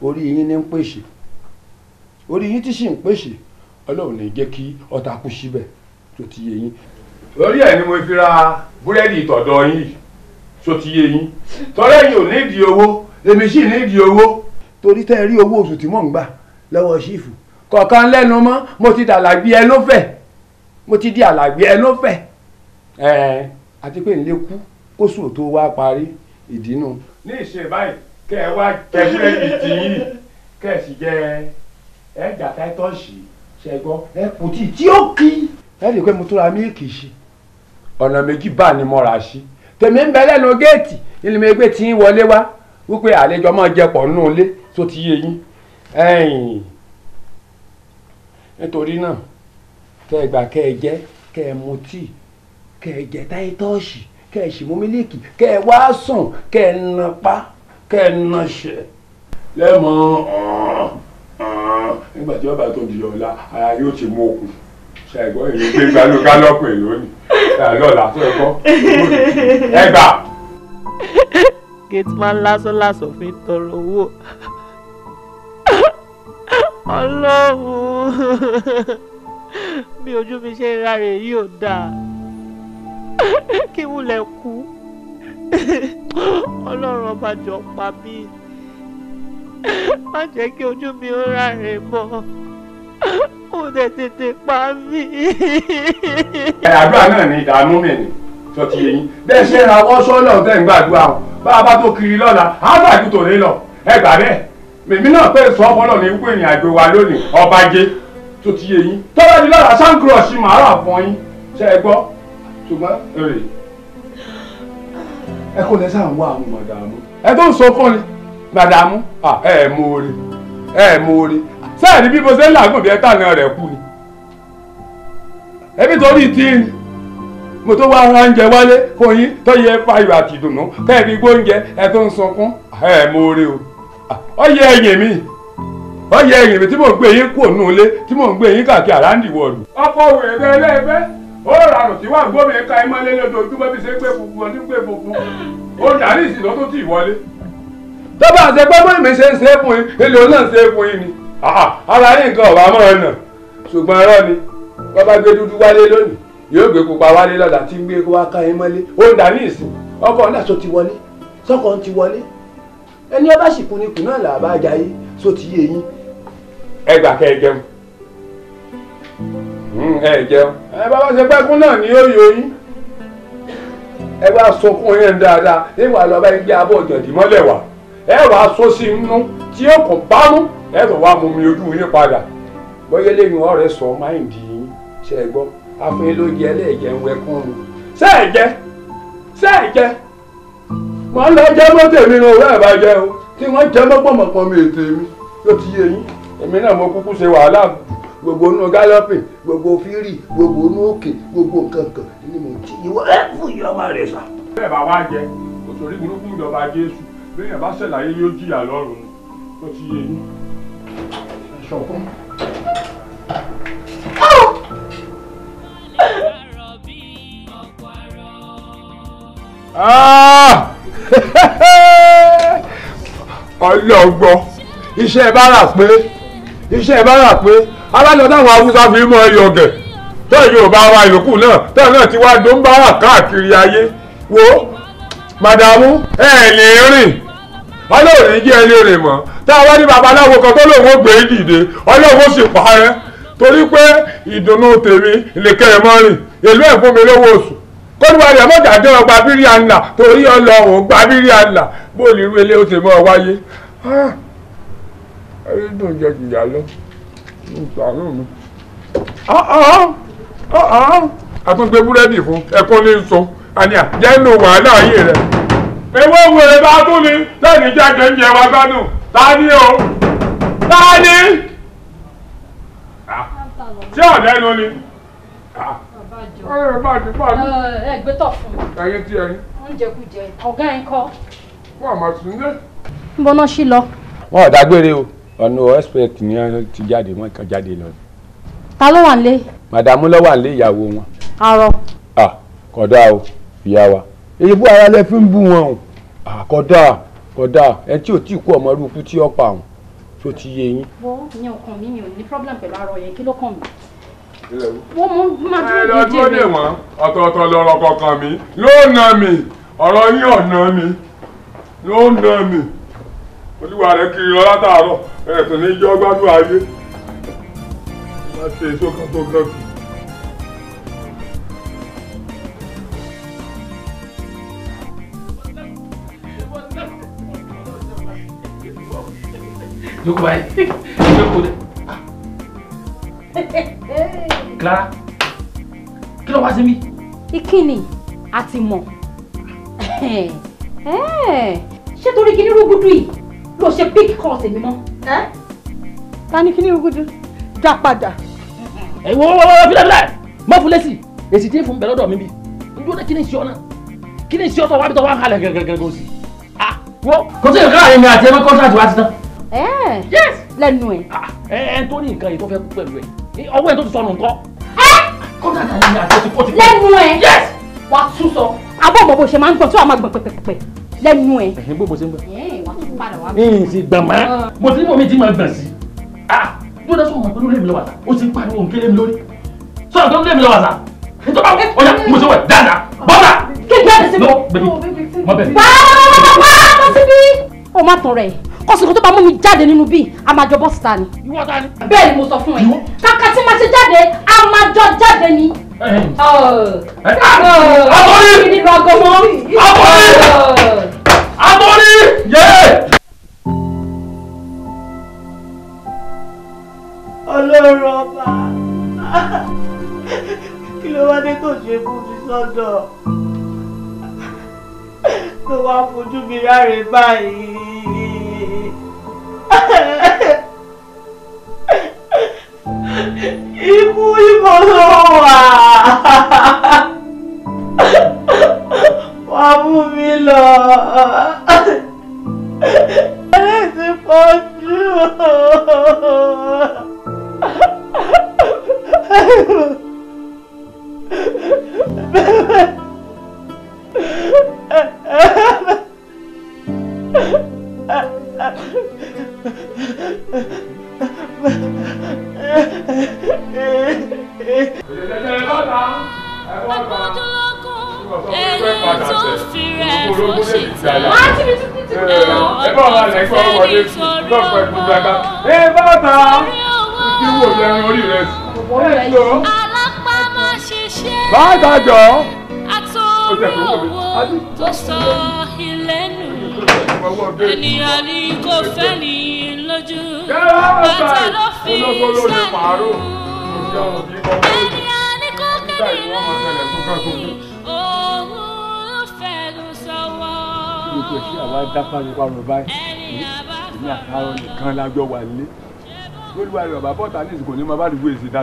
orí yín ní ń pèsè orí yín tí sì ń pèsè ọlọ́run ní jẹ́ kí ọ̀tá kú síbẹ̀ tó ti yé yín. lórí ẹ̀ ni mo fi ra búrẹ́dì tọ̀dọ̀ yín tó ti yé yín tọ́lá yìí ò ní ìdí owó èmi sì ní ìdí owó. torí tẹ́ ẹ rí owó oṣù tí mò ń gbà lọ́wọ́ ṣífù kọ̀ọ̀kan lẹ́nu mọ́ mo ti dàlàgbé ẹ ló mo ti di àlàgbé ẹ ló fẹ̀ àti pé ń lè kú kóṣù tó wá parí ìdínú. ní ìṣe báyìí kẹ́ ẹ wá jẹ búrẹ́dì tí yín kẹ́ ẹ jẹ ẹ jà táítọ́ọ̀sì ṣẹ̀gbọ́n ẹ kù tí tí ó kí. ẹ rí i pé mo túra mílìkì sí. ọ̀nà méjì bá ni mo rà sí tèmi ń bẹ lẹ́nu géètì ilé mi gbé tí ń wọlé wá wípé àlejò máa jẹ pọ̀ nínú ilé tó ti yé yín ẹ̀yìn nítorí náà kẹ́ ẹ gbà kẹ́ ẹ jẹ kẹ́ ẹ mu tíì kẹ́ ẹ jẹ táítọ́ọ̀sì kẹ́ ẹ sì mú mílìkì kẹ́ ẹ wá sùn kẹ́ ẹ nà pa kẹ́ ẹ náṣẹ́ lẹ́mọ nígbà tí ọba tó di ọ̀la ara yóò ti mú okùn ṣàìgbọ́ èlò gbé gbalú gálọ́pù èlò ni lọ́la tó ẹ̀kọ́ ẹ gbà. gate man lásán lásán fi tọrọ owó ọlọ́run bí ojú mi ṣe ń ráre yìí ò dáa kí wúlẹ̀ kú ọlọ́run ọba jọ pa mí má jẹ́ kí ojú mi ó ráre mọ́ kó dẹ̀ tètè pa mí. ẹ àdúrà náà ni ìdààmú mi ni sọ ti yẹ yín bẹ́ẹ̀ ṣe ra ọwọ́ sọ́ọ̀lọ́ tẹ̀ ń gbàdúrà o bá a bá tó kiri lọ́la á gbàdúrà tòlé lọ ẹ gbà bẹ́ẹ̀ mèmí náà pé sọ ọpọlọ ní wípé ìrìn àjò wa lónìí ọba jẹ tó ti yẹ yín tọ́lá ni lọ́la sáńkúrọ̀ọ̀ṣì màá rà fún yín ṣe é gbọ́ ṣùgbọ́n èrè. ẹ kò lẹ́sà ń wá àwọn màdàmú ẹ tó ń sọ fún ni màdàmú ẹ ẹ mú ẹ ẹ bí mo ṣe ń làágùn bí ni ẹbí torí tí ni mo tó wá ara oúnjẹ wálé kó yín tó yẹ fayọ àti ìdùnnú ẹ tó ń ẹ o ọ yẹ ọ yẹ mi tí mò ń gbé yín kúrò nù ilé ọkọ òwe ẹgbẹ́ ó rarò tí wàá gbómi ẹ̀ka ẹ̀ máa lé lójoojúmọ́ bí ṣe gbé gbogbo ọdún gbé gbogbo ó dàrí ìsìn ló tó tì wọlé. tó bá ṣe pé bóyá mi ṣe ń ṣe é fún yín èlò náà ṣe é fún yín ni ara yín nǹkan ọ̀bà máa nà ṣùgbọ́n ẹ̀rọ ni wọ́n bá gbé dúdú wálé lónìí yóò gbé pupa wálé lọ́la tí ń gbé wá ká ẹ mọ́lé ó ń dàrí ìsìn ọkọ̀ náà tó ti wọlé sọ́kọ̀ ń ti wọlé ẹni ọba sì kú ni kù náà làbá jayé só ti yé yín. ẹ gbà kẹ́ ẹ jẹun Hmm, ẹ jẹun ẹ bá wá ṣe pẹ́kún náà ní òyò yín ẹ wá sunkún yẹn dáadáa níwà lọ bá yín abọ́ ọ̀jọ̀dì mọ́lẹ̀ wá ẹ wàá so sí inú tí ó kò bámú ẹ tó wá mú mi ojú yín padà bóyá lẹ́yìn ọ̀rẹ́ sọ máìndì yín ṣe é gbọ́ afẹ́ ló jẹ ẹlẹ́ẹ̀jẹ̀ ń wẹkún ṣé ẹ jẹ ṣé ẹ jẹ mọ lọ jẹ mọ́tò mi ní owó ẹ̀ jẹ o tí wọ́n jẹ mọ́pọ̀mọ́pọ̀ mi ètè mi ló ti yé yín èmi náà mo kúkú ṣe wàhálà gbogbo inú gálọ́pì gbogbo fírì gbogbo inú òkè gbogbo nǹkankan ni mo jí ìwọ ẹ fún ìyọmọ rẹ bẹ́ẹ̀ bá wá jẹ òṣèré burúkú ìjọba jésù bẹ́ẹ̀ bá ṣẹ̀láyé yóò jìyà lọ́rùn tó ti yé yín. ṣọ̀kan. Ah! ọlọ́gbọ́n bára pé iṣẹ́ bára pé alájọ táwọn haúsá fi mọ ẹyọ ọgẹ tẹ yorùbá wa ìlòkù náà tẹ náà ti wá dó ń bá wà káàkiri ayé wo màdàmú ẹ lè rìn ọlọ́run jẹ́ ẹni rìn mọ́ tá a wá ní babaláwo kan tó lòun ó gbé dìde ọlọ́run sì pa ẹ́ torí pé ìdùnnú tèmi ìlẹ̀kẹ́ ẹ̀ mọ́ rìn èlú ẹ̀ fún mi lówó oṣù kọ́dúwà rẹ̀ mọ́jà jẹ́ ọgbà bírí àlà torí ọlọ́run gbà bírí àlà bó lè rú ilé ó ti mọ́ ọ wáyé. ẹ ah, dùn jẹ jìyà lọ ìṣàánú mi. àtúnṣe búrẹ́dì fún ẹ̀kọ́ ní sọ àníyà jẹ́ nù wàhálà ayé rẹ̀. ewé wèrè bá tún ni lẹ́yìn jáde ń jẹ wá gbádùn ta ni o ta ni. Ah, ṣé ọ̀dẹ́ ló ni. Ah, ẹ bá ti pa mí. Eh, ẹ gbé tọ̀ fún mi. ẹyin tí ẹyin. oúnjẹ kù jẹ ọ̀gá ẹ̀ ń kọ́. wọ́n àmọ̀ sí ń dé. ń bọ́ná sí lọ. wọn ò dágbére o ọ̀nà expect ni wọ́n ti jáde wọ́n kàn jáde lọ. ta ló wà nílé. màdàmú ló wà nílé ìyàwó wọn. arọ. à o ìyá wa èyíbú ara lẹ fi ń bú wọn o à kódà kódà ẹ tí ò tí kú ọmọ rúkú tí ó pa àwọn tó ti yé yín. wọ́n ìyẹn ò kàn mí mi ò ní problem pẹ̀lú arọ yẹn kí ló kàn mí wọ́n mú máa dúró díje rẹ̀. ẹ lọ dúró dè wọ́n ọ̀tọ̀ọ̀tọ̀ lọ́rọ̀ kọ̀ọ̀kan mi ló na mi ọ̀rọ̀ yín ọ̀nà mi ló na mi olúwa rẹ̀ kiri lọ látàárọ̀ ẹ̀sùn ní jọ́ gbádùn ayé má ṣe èso kan tó gan kù. Jókòó báyìí, jókòó dẹ̀. Clara, kí ló wá sí mi? Ìkíni àti mọ̀. Ah. Ṣé torí kí ní rúgúdù yìí? ló ṣe big court èmi mọ́. ta ni kíní rúgudu dá padà. ẹ wo wo wo filẹ filẹ mọ fún lẹsì èsì tí ń fún bẹ lọ́dọ̀ mi bi ojú ọdẹ kíní sọ náà kíní sọ tó wà bí tó wà ń halẹ̀ gẹgẹgẹ òsì. wo kò sí ìkàrà yẹn àti ẹmọ kọ́ńtàtì wa ti tán. ẹ lẹ́nu ẹ. ẹ ẹ tó ní nǹkan yìí tó fẹ́ kú pẹ̀lú ẹ ọwọ́ ẹ tó ti sọnù nǹkan. kọ́ńtàtì yẹn àti ẹ ti kọ́ ti kọ́. lẹ́nu ẹ wàá tún sọ. abọ́ ọmọ bó ṣe máa ń gbọ́ tí wàá máa gbọ́ pẹ̀pẹ̀pẹ̀ lẹ́nu ẹ̀. ẹ̀hìn gbogbo ṣe ń bọ̀. ẹ̀hìn sì gbà má. Ah. mo ti ní mọ̀mí tí màá gbà sí. bí ah, ó dá sọ̀rọ̀ pẹ̀lú lèmi lọ́wọ́ àtà ó ti pariwo nǹkan lèmi lórí. sọ̀rọ̀ pẹ̀lú lèmi lọ́wọ́ àtà ètò bá ọjà mo ṣe wẹ̀ dáadáa bọ́lá. kíkẹ́ ẹ̀ sí mi. mọ bẹ́ẹ̀. pàápàá mo ti bí. o má tọrọ ẹ kọsìkò tó bá mú mi jáde nínú bíi a máa jọ bọ́ síta ni. bẹ́ẹ̀ ni mo sọ fún ẹ kàkà tí mo ti jáde a máa jọ jáde ni. Abori! Abori! Abori! Yeah! Ọlọ́run ọba, kí ló wá dé tó ṣe fún mi sọ́dọ̀? Tó wá fojú mi ráre báyìí. e 물이 무서워 바보 밀어 나를 슬퍼 Ha ẹni tó fi tó sọ ilé nù ènìyàn ni kò fẹ́ nìyí lójú bàtà ló fi ṣàlù ẹni àní kò kéde lẹ́yìn òun ló fẹ́nu sọ́wọ́ gbogbo ẹ̀ṣẹ́ àwa dáfà nípa ní àtàrọ̀ nìkan lájọ wà lé olúwa rẹ̀ bàbá bọ́ta ní ìsìnkú ní ma bá dùgbò èsì dá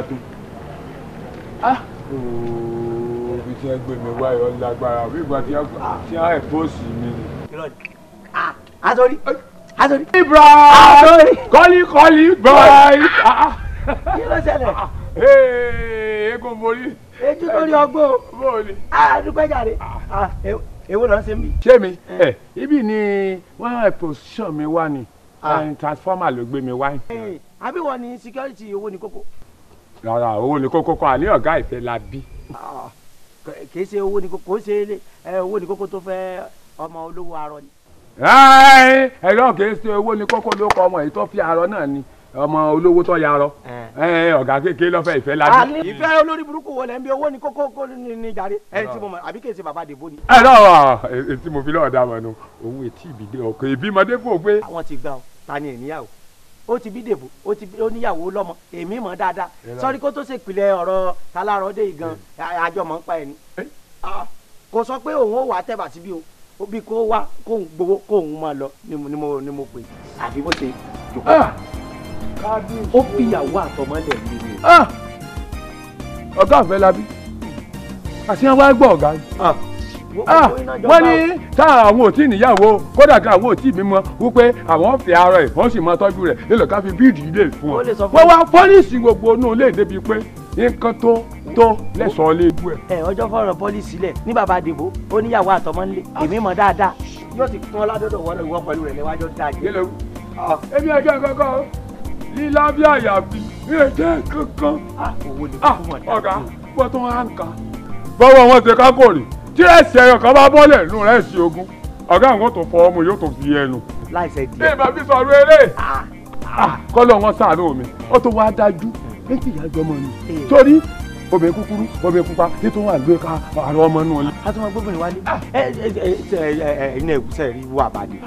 ibi tí ẹ gbé mi wá ẹ ọ lágbára bí ìgbà tí ẹ ẹ̀fọ́ mi ni. a sọ rí àtòrí. ibrahim kọ́lí kọ́lí bright. Ah. Ah. kí ló ṣẹlẹ̀. Ah. eégún borí. ejú tó rí ọgbọ́n. bóòlì. a dúpẹ́ jàre. èwo ló ń ṣe mí. ṣé mi eh. Eh, ibi ni wọ́n position mi wá ni eh, transformer ló gbé mi wá. àbí wọ́n ní security owó ní kókó. rárá owó ní kókó kan àní ọ̀gá ìfẹ́ la bí. kì í ṣe owó ní kókó ṣe owó ní kókó tó fẹ́ ọmọ olówó arọ ni ẹ̀rọ kì í ṣe owó ni kókó ló kọ ọmọ yìí tó fi arọ náà ni ọmọ olówó tó yarọ eh. ọ̀gá kékeré lọ́fẹ́ ìfẹ́ ládùn. ìfẹ́ olórí burúkú wo lẹ́ ń bí owó ni kókó kó ní jàre ẹni tí mo mọ̀ àbí kì í ṣe bàbá àdìbò ni. ẹ lọ́wọ́ etí mo fi lọ́ọ̀ dá mọ̀ nu òun ètí ìbídé ọkọ̀ ìbímọdé fò pé. àwọn ti gbà ọ ta ni ènìyàwó ó ti bí dèbò ó ti ó níyàwó lọ́mọ èmi mọ̀ dáadáa sọrí kó tó ṣe ìpìlẹ̀ ọ̀rọ̀ taláròdé yìí gan ń pa ẹ̀ eh? ah, kò sọ pé òun ó wà á tẹ̀bà síbí o bí kò wá kò gbowó kò máa lọ ni mo ni mo pè àbí bó ṣe jòkó ah! ó fi ìyàwó mi ni. Ah! ọ̀gá àfẹ́ labí àti wọn wá gbọ́ ọ̀gá ah! wọ́n ní tá àwọn ò tí níyàwó kódà kan àwọn ò tí bímọ wípé àwọn fi ara ẹ̀ wọ́n sì máa tọ́jú rẹ̀ nílò ká fi bíìdì ilé fún ọ. wọ́n wá fọ́nìsì gbogbo inú ilé débi pé nǹkan tó tó lẹ́sọ̀ọ́ lé ibú ẹ̀. ẹ ọjọ́ fọ̀rọ̀ bọ́ọ̀lì sílẹ̀ ní bàbá àdìbò ó níyàwó àtọmọ ńlẹ̀ èmi mọ̀ dáadáa yóò ti tún ọládọ́dọ̀ wọlé ìwọ pẹ̀lú rẹ̀ lẹ́wájọ́ dáa jẹ́. Ah, èmi ẹ̀jẹ̀ kankan lílá bí àyàfi ẹ̀jẹ̀ kankan. ọ̀gá wọ́n tún á ń ka. bọ́wọ́ wọn ti ká kò rí tí ẹ̀sì ẹ̀yọ̀ kan bá bọ́lẹ̀ nù rẹ̀ sí ogun ọ̀gá àwọn tó fọ ọmọ yóò tó fi ẹnu. láìsẹ̀ díẹ̀. ẹ bá fi sọ̀rọ̀ eré. Ah, ah, kọ́lọ́ wọn ṣàánú mi ó tó wá dájú hmm. méjì ìyá jọmọ ni torí obìnrin kúkúrú obìnrin pupa nítorí àgbẹ̀ ká àrùn ọmọ inú ọlẹ. a tún máa gbóbìnrin wálé ah, ẹ ẹ ẹ ẹ rí wà bàdé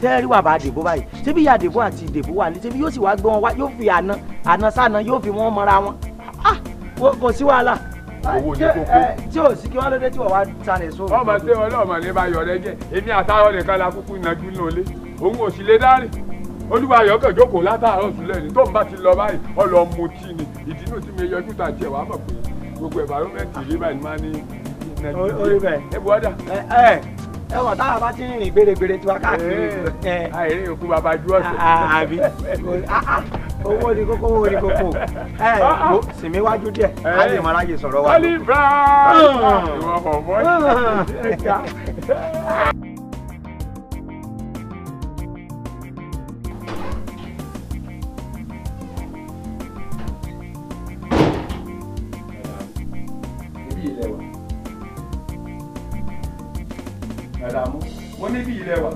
tẹ́ẹ̀rí wà bá dèbò báyìí ṣébí ìyá dèbò àti ìdèbò wà ní ṣébí yóò sì wá gbé wọn wá yóò fi àná àná sáná yóò fi wọn mọra ah, wọn kò sí wàhálà owó ní kókó. tí o sì kí wọn lóde tí wọn wá sanni sóòrùn. ọmọ tí wọn lọ́mọ lè bá yọ̀ọ́dẹ́ jẹ́ èmi àtàwọn nìkan la kúkú nàjú náà olúwayọ̀ kàn jókòó látàárọ̀ sílẹ̀ ni tó ń bá ti lọ báyìí ọlọ́ mu tí ni ìdínú tí mi yọjú ta jẹ wàá mọ̀ pé gbogbo ẹ̀fàrọ́mẹ̀tì rí báyìí máa ní nàìjíríà ẹ bu ọ̀dà. ẹ wọ̀ táwa bá ti ń rìn gbèrègbèrè tiwa káàkiri. Eh, àìrí òkú bàbá ju ọ̀sẹ̀. Ah, ah, àbí ah, owó ni kókó owó ni kókó ẹ wo sinmi wájú díẹ̀ eh. ká lè mọ aráyè sọ̀rọ̀ wa. kálífà ìwọ̀n kọ̀ọ̀mọ́ tẹ́ wà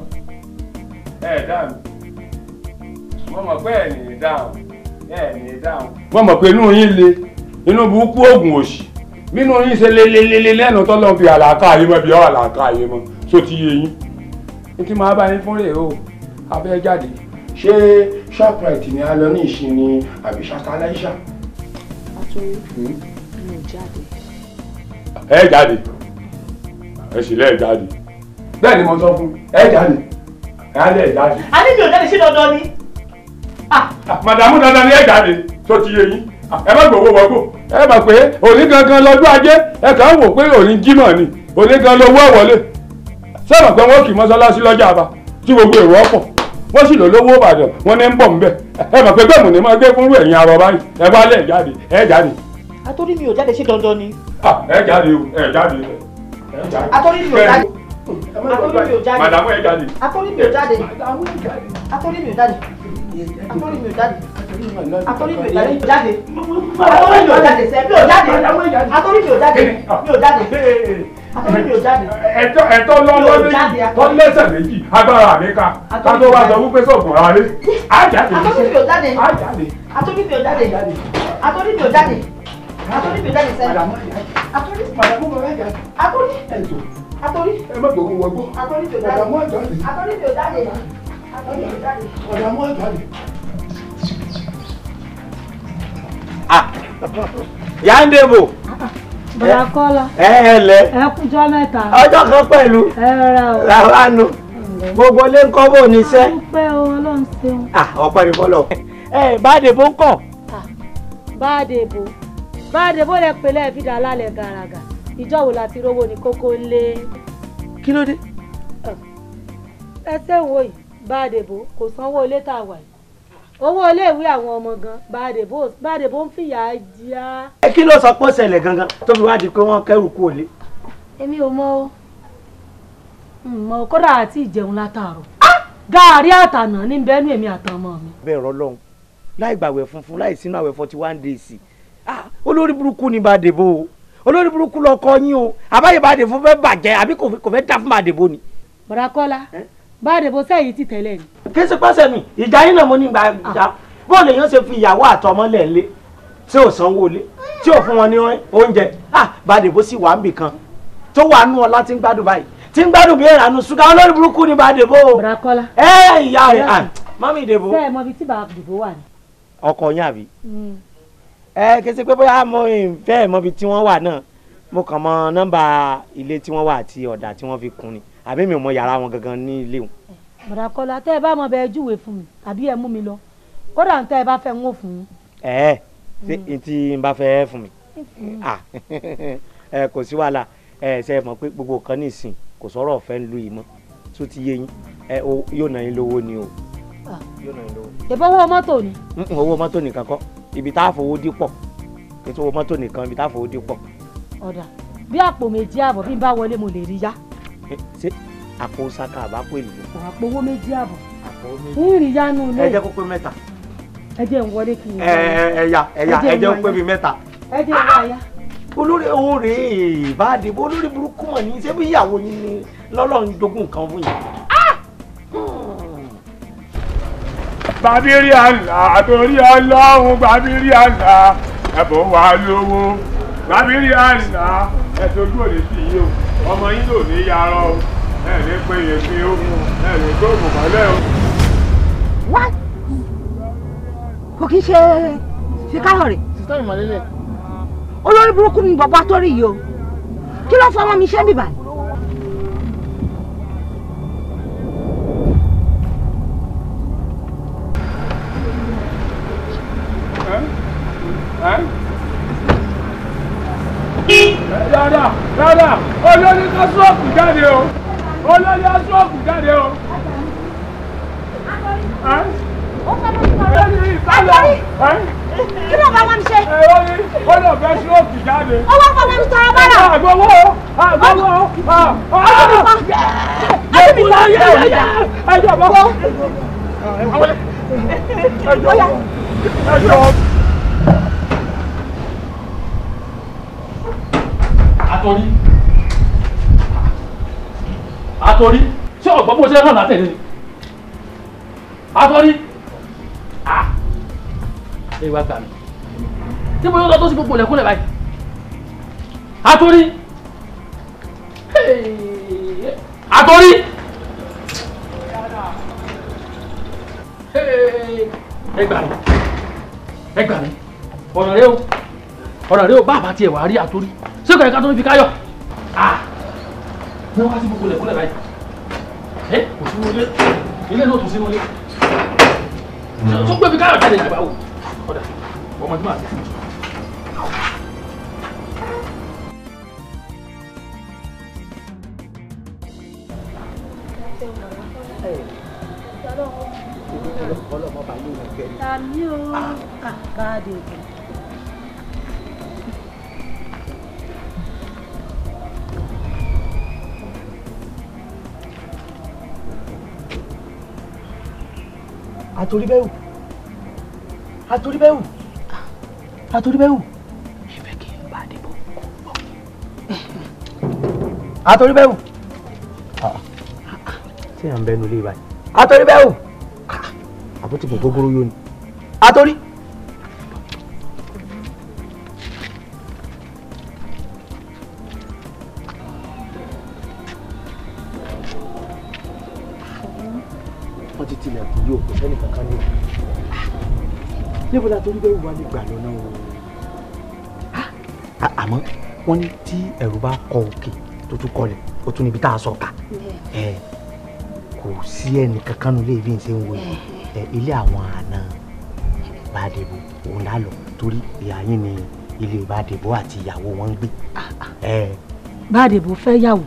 ẹ̀ dáhùn wọ́n mọ̀ pé ẹ̀ ní dáhùn ẹ̀ ní dáhùn. wọ́n mọ̀ pé inú yín le inú burúkú oògùn òṣì nínú yín ṣe lelelele lẹ́nu tọ́lọ́ fi àlàkà ayé mọ́ bí ọ́ àlàkà ayé mọ́ tó ti yé yín. ní tí màá bá yín fún rèé o abẹ́ jáde ṣé shoprite ni a lọ ní ìsinmi àbí ṣakaláìṣà. àtúnyí hmm? mi ò jáde. ẹ jáde ẹ sì lẹ́ẹ̀ jáde. bẹ́ẹ̀ ni mo sọ fún ẹ jáde ẹ jáde. a ní mi sí dandan ni. Ah. Ah, màdàmú dandan ni tó ti yé yín ah, ẹ má gbowó wọgbó. ẹ pé òní ajé ẹ ń wò pé ni òní wọlé. pé wọ́n kì í mọ́sálásí lọ́jà àbá tí gbogbo èrò ọ̀pọ̀ wọ́n sì lówó ìbàdàn wọ́n ní ń bọ̀ ẹ mọ̀ pé máa gbé fúnrú ẹ̀yìn mi ò jáde dandan ni. ẹ jáde o atọ́límì ò Daddy? I told him your Daddy. I told him your Daddy. I told him your Daddy. I told him your Daddy. I told him your Daddy. jáde mi ò jáde atọ́límì ò jáde ẹ̀tọ́ ẹ̀tọ́ lọ́wọ́ méjì tó lẹ́sẹ̀ méjì agbára mi ká ká tó wá sọ wípé sọ̀gbọ̀n ara rẹ̀ á jáde atọ́límì ò jáde atọ́límì ò jáde atọ́límì ò jáde atọ́límì ò jáde sẹ́ atọ́límì ò jáde atọ́límì ò jáde. Atọ́lí. Ẹ má gbòòrò wọ gbó. Atọ́lí tó dáre. Ọ̀dàmú àjọ́lè. Atọ́lí tó dáre. Atọ́lí tó dáre. Ọ̀dàmú àjọ́lè. Ah! Yándébò. Bọ̀dà Kọ́lá. Ẹ ẹ lẹ. Ẹ kújọ́ mẹ́ta. Ọjọ́ kan pẹ̀lú. Ẹ rọra o. Làwánu. Gbogbo lé ń kọ́ bò níṣẹ́. Àwọn pẹ́ o, Ọlọ́run ṣeun. Ah! Ọ̀pẹ́ mi fọlọ. Ẹ Bádébò ń kọ̀. Bádébò. Bádébò lẹ pẹ̀lẹ́ fi dà lálẹ́ gàràgà ìjọ wo la ti rówó ní kókó ńlé. kí ló dé. Ah. ẹsẹ̀ wo yìí báàdèbò kò sanwó ilé tá a wà yìí owó iléèwé àwọn ọmọ gan báàdèbò báàdèbò ń fìyà já. ẹ kí ló sọ pé ó ṣẹlẹ̀ gangan tó fi wá di pé wọ́n kẹ́rù kú òlé. èmi ò mọ o mọ kódà àti ìjẹun látàárọ̀ ah! gààrí àtànà ní bẹ́ẹ̀nu èmi àtàmọ mi. bẹ́ẹ̀ rọ́lọ́hún láì gbàwẹ̀ funfun láì sínú àwẹ̀ forty one days ah! olórí burúkú ni báàdèbò o olórí burúkú lọkọ yín o àbáyé bàdé fún fẹ́ bàjẹ́ àbí kò fẹ́ dá fún bàdébò ni. bọ̀dà kọ́lá bàdébò sẹ́yìn ti tẹ̀lé ni. kí n ṣe pàṣẹ mi ìjà yín náà mo ní gba ìjà bọ́ọ̀lù èèyàn ṣe fi ìyàwó àtọmọ lẹ̀ lé tí ò sanwó lé tí ò fún wọn ní oúnjẹ ah bàdébò sì wà ń bì kan tó wà nú ọlá tí ń gbádùn báyìí tí ń gbádùn bí ìrànú ṣúgà olórí burúkú ni bàdébò. bọ̀dà kọ́lá ẹ ìyá rẹ̀ mami ẹ kése pé bóyá mo fẹ́ mọbi tí wọ́n wà náà mo kàn mọ nọ́mbà ilé tí wọ́n wà àti ọ̀dà tí wọ́n fi kùn ni àbí mi ò mọ yàrá wọn gangan ní ilé wọn. bọ̀dà kọlá tẹ́ ẹ bá mọ bẹ́ẹ̀ júwèé fún mi àbí ẹ mú mi lọ kódà ń tẹ́ ẹ bá fẹ́ ń wò fún mi. ẹ ẹ ṣé mm. tí n bá fẹ́ fún mi ẹ kò sí wàhálà ẹ ṣe mọ̀ pé gbogbo kan nìsín kò sọ̀rọ̀ ọ̀fẹ́ ń lu yìí mọ́ tó ti yé yín yóò ná yín lówó ni o. ìbọn owó mọ́tò ni. owó mọ́tò nìkan kọ́ ibi tá a fowó dí pọ̀ kí tó mọ́tò nìkan ibi tá a fowó dí pọ̀. ọ̀dà bí àpò méjì ààbọ̀ bí n bá wọlé mo lè rí yá. ṣé àpò saka àbápò èlò. àpò owó méjì ààbọ̀ ń rí yánu ilé. ẹ jẹ́ kó pé mẹ́ta. ẹ jẹ́ ń wọlé kí n wọlé. ẹ ẹ̀yà ẹ̀yà ẹ jẹ́ ń pé mi mẹ́ta. ẹ jẹ́ ń wáyà ah, olórí oore ìbáde olórí burúkú mọ̀ ní sẹ́bí ìyàwó yín ni lọ́lọ́run jogún nǹkan fún yín. Ah! gbàbírí àlà àtòrí ọlọ́run gbàbírí àlà ẹ̀bùn wà lówó gbàbírí àlà ẹ̀sọ́jú òde sí yìí o ọmọ yín lò ní yarọ o ẹ̀ ní péye pé ó ẹ̀ ní tó mọ̀ mọ́lẹ̀ o. wá kò kí ṣe fi káyọ̀ olórí burúkú ni bàbá tó rí yìí o kí ló fọ ọmọ mi ṣẹ́ bíbáyìí. rárá rárá olórí ká sọ́ọ̀kù jáde o olórí ká sọ́ọ̀kù jáde o. Akọrí kí ló bá wọn ṣe. ó lọ bẹ sọ́ọ̀kù jáde. ó wá fọwọ́ mi tọrọ bára. àgbọ̀wọ́ àgbọ̀wọ́ àgbọ̀wọ́. àbíbi kan àbíbi kan. ẹ jọ bọ́. ẹ jọ bọ́. ẹ jọ bọ́. àtòrí àtòrí ṣé ọ̀gbọ́n bó ṣe hàn látẹ̀lé ni àtòrí à ẹ wá gbà mí tí mo yóò lọ tó sí gbogbo ilẹ̀kùnlẹ̀ báyìí àtòrí àtòrí. ẹ gbà mí ẹ gbà mí ọ̀nà rẹ o ọ̀nà rẹ o bá àbá tiẹ̀ wá rí àtòrí ṣé kò yẹ ká tó fi káyọ̀ ah wọ́n wá sí gbogbo ilẹ̀ báyìí ẹ kò sínú ilé ilé náà tún sínú ilé tó gbé fi káyọ̀ jáde nígbà wo ọ̀dà ọmọ tí màá ti fún un. ọlọ́mọba àtòríbẹ̀wò àtòríbẹ̀wò àtòríbẹ̀wò ìfẹ́ kì í bá a dìbò kò gbọ́. àtòríbẹ̀wò. tí à ń bẹnu lé ibà yìí. àtòríbẹ̀wò. àbótí kò gbogbo yóò ní. àtòrí. ń gbé ìwà lè gbà lọ́nà o. Ah, àmọ́ wọ́n ní tí ẹ̀rù bá kọ òkè tó tún kọlẹ̀ ó tún níbi tá a sọ̀ka kò sí ẹnì kankan nílé ìbí ṣe ń wo ilé àwọn àna bàdébò òun lálọ torí ìyá yín ni ilé bàdébò àti ìyàwó wọn ń gbé. Ah. bàdébò fẹ́ yàwó.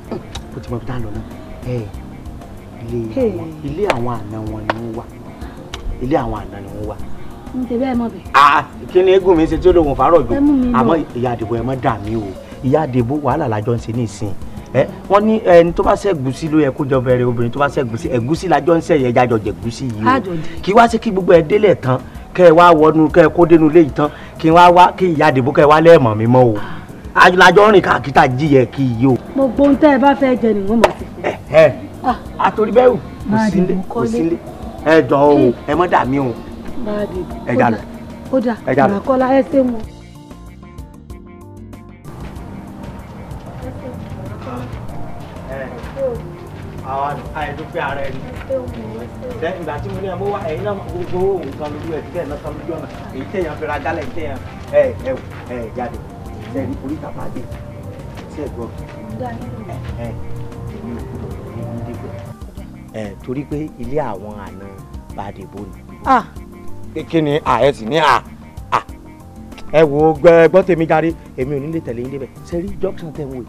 ó ti mọ bí tá a lọ náà ilé àwọn àna wọn ni wọ́n wà ilé àwọn àna ni wọ́n wà kí ni eégún mi ṣe tí ó lóògùn fàárọ̀ jù àmọ́ ìyá àdìbò ẹ̀ mọ́ dà mí o ìyá àdìbò wàhálà làjọ ń ṣe ní ìsìn wọ́n ní ẹni tó bá ṣẹ̀gúsí ló yẹ kó jọ bẹ̀rẹ̀ obìnrin tó bá ṣẹ̀gúsí ẹ̀gúsí làjọ ń ṣẹ̀yẹ jájọ jẹ̀gúsí yìí o kí wá sí kí gbogbo ẹ délẹ̀ tán kẹ́ ẹ wá wọnú kẹ́ ẹ kó dénú lé yìí tán kí wá wá kí ìyá àdìbò kẹ́ ẹ wá lẹ́ẹ̀mọ̀ mi mọ́ o àjọ rìn káàkiri tàjí yẹ kí yìí o. mo gbóhùn tẹ́ ẹ bá fẹ́ jẹ nìwọ̀n mọ̀ sí. ẹ ẹ àtòrí ah. bẹ́ẹ̀ kò sílé kò sílé ẹ jọ o ẹ mọ́ dà mí o ẹ dànù. ó dà ẹ dànù. màkọ́lá ẹ ṣe mu. àìdúpẹ́ ara ẹni lẹ́yìn ìgbà tí mo ní ẹmọ wá ẹ̀yin náà gbogbo òun kan lójú ẹ̀ tẹ́ ẹ̀ náà kan lójú ọ̀nà èyí tẹ̀yàn fẹ́ra gálẹ̀ tẹ̀yàn ẹ̀ ẹ̀ ẹ̀ jáde sẹ́ni oríta pàdé sí ẹ̀gbọ́n ẹ̀ èmi ò gbọdọ̀ ní ìdíbò ẹ̀ torí pé ilé àwọn àna bàdébò ni kí ni à sì ní à à ẹ wo gbọ́ tèmi járe èmi ò ní tẹ̀lé yín débẹ̀ ṣe rí junction tẹ̀ wò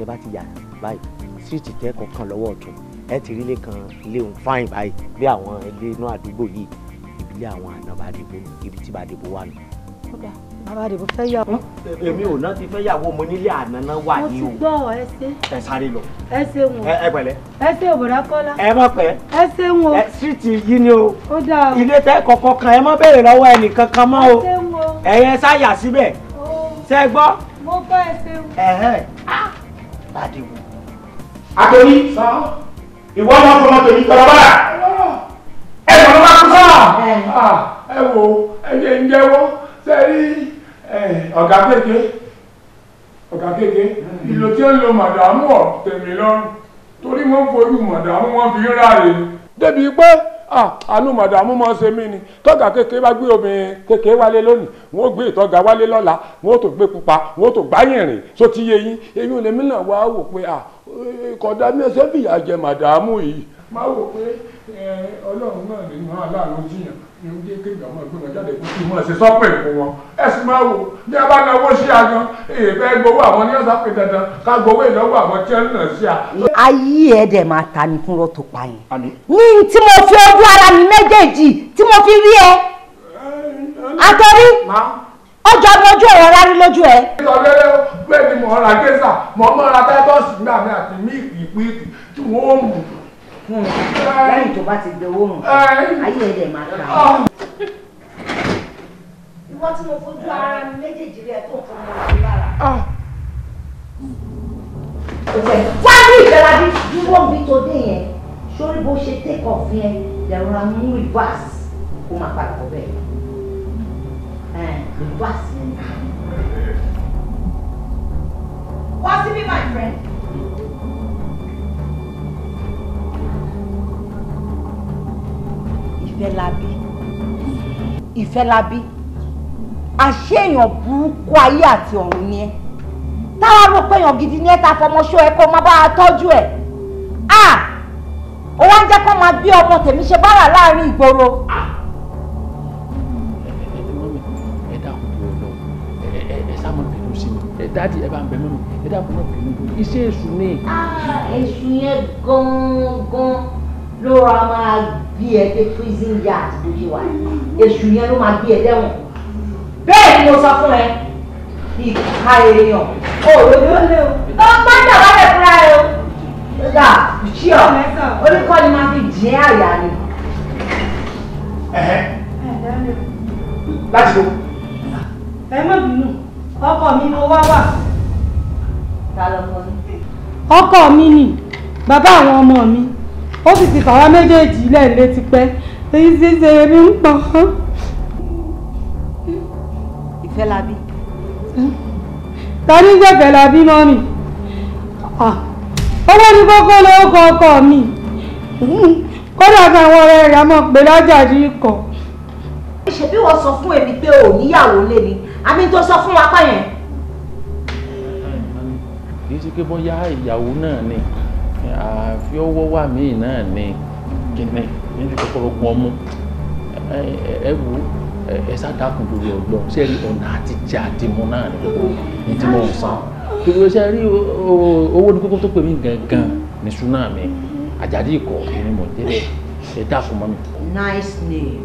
ẹ bá ti yà báyìí síìtì tẹ́ kọ̀ọ̀kan lọ́wọ́ ọ̀tún ẹ ti rí ilé kan ilé fáìn báyìí bí àwọn ilé inú àdúgbò yìí ìbílẹ̀ àwọn àna bá dìbò ibi tí bá dìbò wà nù. ó dáa bàbá rẹ̀ bó fẹ́ yàwó. Hm? èmi ò náà ti fẹ́ yàwó mo nílé ànáná wà ní o. mo ti gbọ́ ẹ ṣe. ẹ sáré lọ. ẹ ṣeun o. ẹ pẹ̀lẹ́. ẹ ṣe kọ́lá. ẹ má pẹ́. ẹ ṣeun o. síìtì yìí ni o. ó dáa ilé tẹ́ kọ̀kọ́ kan ẹ má béèrè lọ́wọ́ ẹnì kankan mọ́ o. ẹ ṣeun o. ẹ̀yẹ sáyà síbẹ̀. ṣe gbọ́. mo gbọ́ ẹ ṣeun. ẹ̀hẹ́n. láti wù. àtòyí. ìwọ ọmọ fọmọ tòyí Eh, ọ̀gá kéèké ọ̀gá kéèké ìlò tí ó ń lo màdàmú ọ̀ tèmi lọ́rùn torí wọ́n fojú màdàmú wọn fi ń ráre. débi pé àánú màdàmú mọ́ ṣe mí ni tọ́gà kéèké bá gbé obìnrin kéèké wálé lónìí wọ́n gbé ìtọ́gà wálé lọ́la wọ́n tó gbé pupa wọ́n tó gbáyìn rìn só ti yé yín èmi ò lè mí náà wá wò pé kọ̀dá mi ẹ ṣe fìyà jẹ màdàmú yìí. má wò pé ọlọ́run náà lè mú aláàánú jiyàn ní oúnjẹ kéèyàn máa gbé wọn jáde kó kí wọn ṣe sọ́pẹ̀ fún wọn ẹ sì máa wò bí a bá náwó sí agan èèfẹ́ gbowó àwọn ní ọ̀sán dandan ká gbowó ìnáwó àwọn tí wọ́n náà sí a. ayé ẹ dẹ̀ máa ta ni fún rọ́tò pa yẹn ní tí mo fi ojú ara mi méjèèjì tí mo fi rí ẹ àtọ́rí ọjọ́ mi ojú ẹ̀rọ rárí lójú ẹ. ìsọ̀rẹ́rẹ́ bẹ́ẹ̀ ni mo fún mi lẹ́yìn tó bá ti dowó nù ayé ẹ̀ máa ta. ìwọ tí mo fojú ara mi méjèèjì rẹ tó nǹkan mọ òun lára. òwe wá ní bí dúró bí tó dé yẹn sórí bó ṣe take off yẹn lẹ́rọra mú reverse kó máa padà bọ̀ bẹ́ẹ̀ reverse yẹn. wá síbí my friend. ìfẹ́ la bí ìfẹ́ la bí àṣeyàn burúkú ayé àti ọ̀run ni ẹ táwa rò pé èèyàn gidi ni ẹ ta fọmọṣọ ẹ kó má bá a tọ́jú ẹ à ó wá ń jẹ́ kó máa bí ọmọ tèmi ṣe bára láàrin ìgboro. dadi ẹ bá ń bẹ mẹ́nu ẹ dákun náà bínú iṣẹ́ èṣù ni. Ah, èṣù yẹn gan-an gan-an ló ra máa gbé ẹ dé prison yard tó ṣe wà èṣù yẹn ló máa gbé ẹ dẹ́wọ̀n bẹ́ẹ̀ ni mo sọ fún ẹ ìka èèyàn o ló ló lé o tó ń bá dàbá rẹ̀ fúnra ẹ o gbà ṣí ọ oníkọ́ ni máa fi jẹ́ àyà ni. láti wo. ẹ má bínú ọkọ mi mo wá mi ni bàbá àwọn ọmọ mi ó sì ti fàwa méjèèjì lẹ́ẹ̀lé tipẹ́ èyí sì ṣe èmi ń pọ̀. ìfẹ́lábí. tani jẹ́ ìfẹ́lábí mọ́mì owó ni kókó lórúkọ ọkọ mi kódà táwọn ọ̀rẹ́ rẹ̀ mọ̀ pé lájà rí ikọ̀. ṣebí wọ́n sọ fún èmi pé ò níyàwó lé ni àbí tó sọ fún wa pààyàn. kì í ṣe pé bóyá ìyàwó náà ni àfi ọwọ́ wà míì náà ni kíni ní ti kọ́kọ́rọ́ gun ọmú ẹ wù ú ẹ sádàkùn lórí ọgbọ́n ṣe rí ọ̀nà àti jẹ àdìmú náà ni kókó ní tí mo ń san torí ṣe rí owó ní kókó tó pè mí gangan ní tsunami àjàdí ikọ̀ ni mo jẹ́ bẹ́ẹ̀ ẹ dákun mọ́ mi. nice name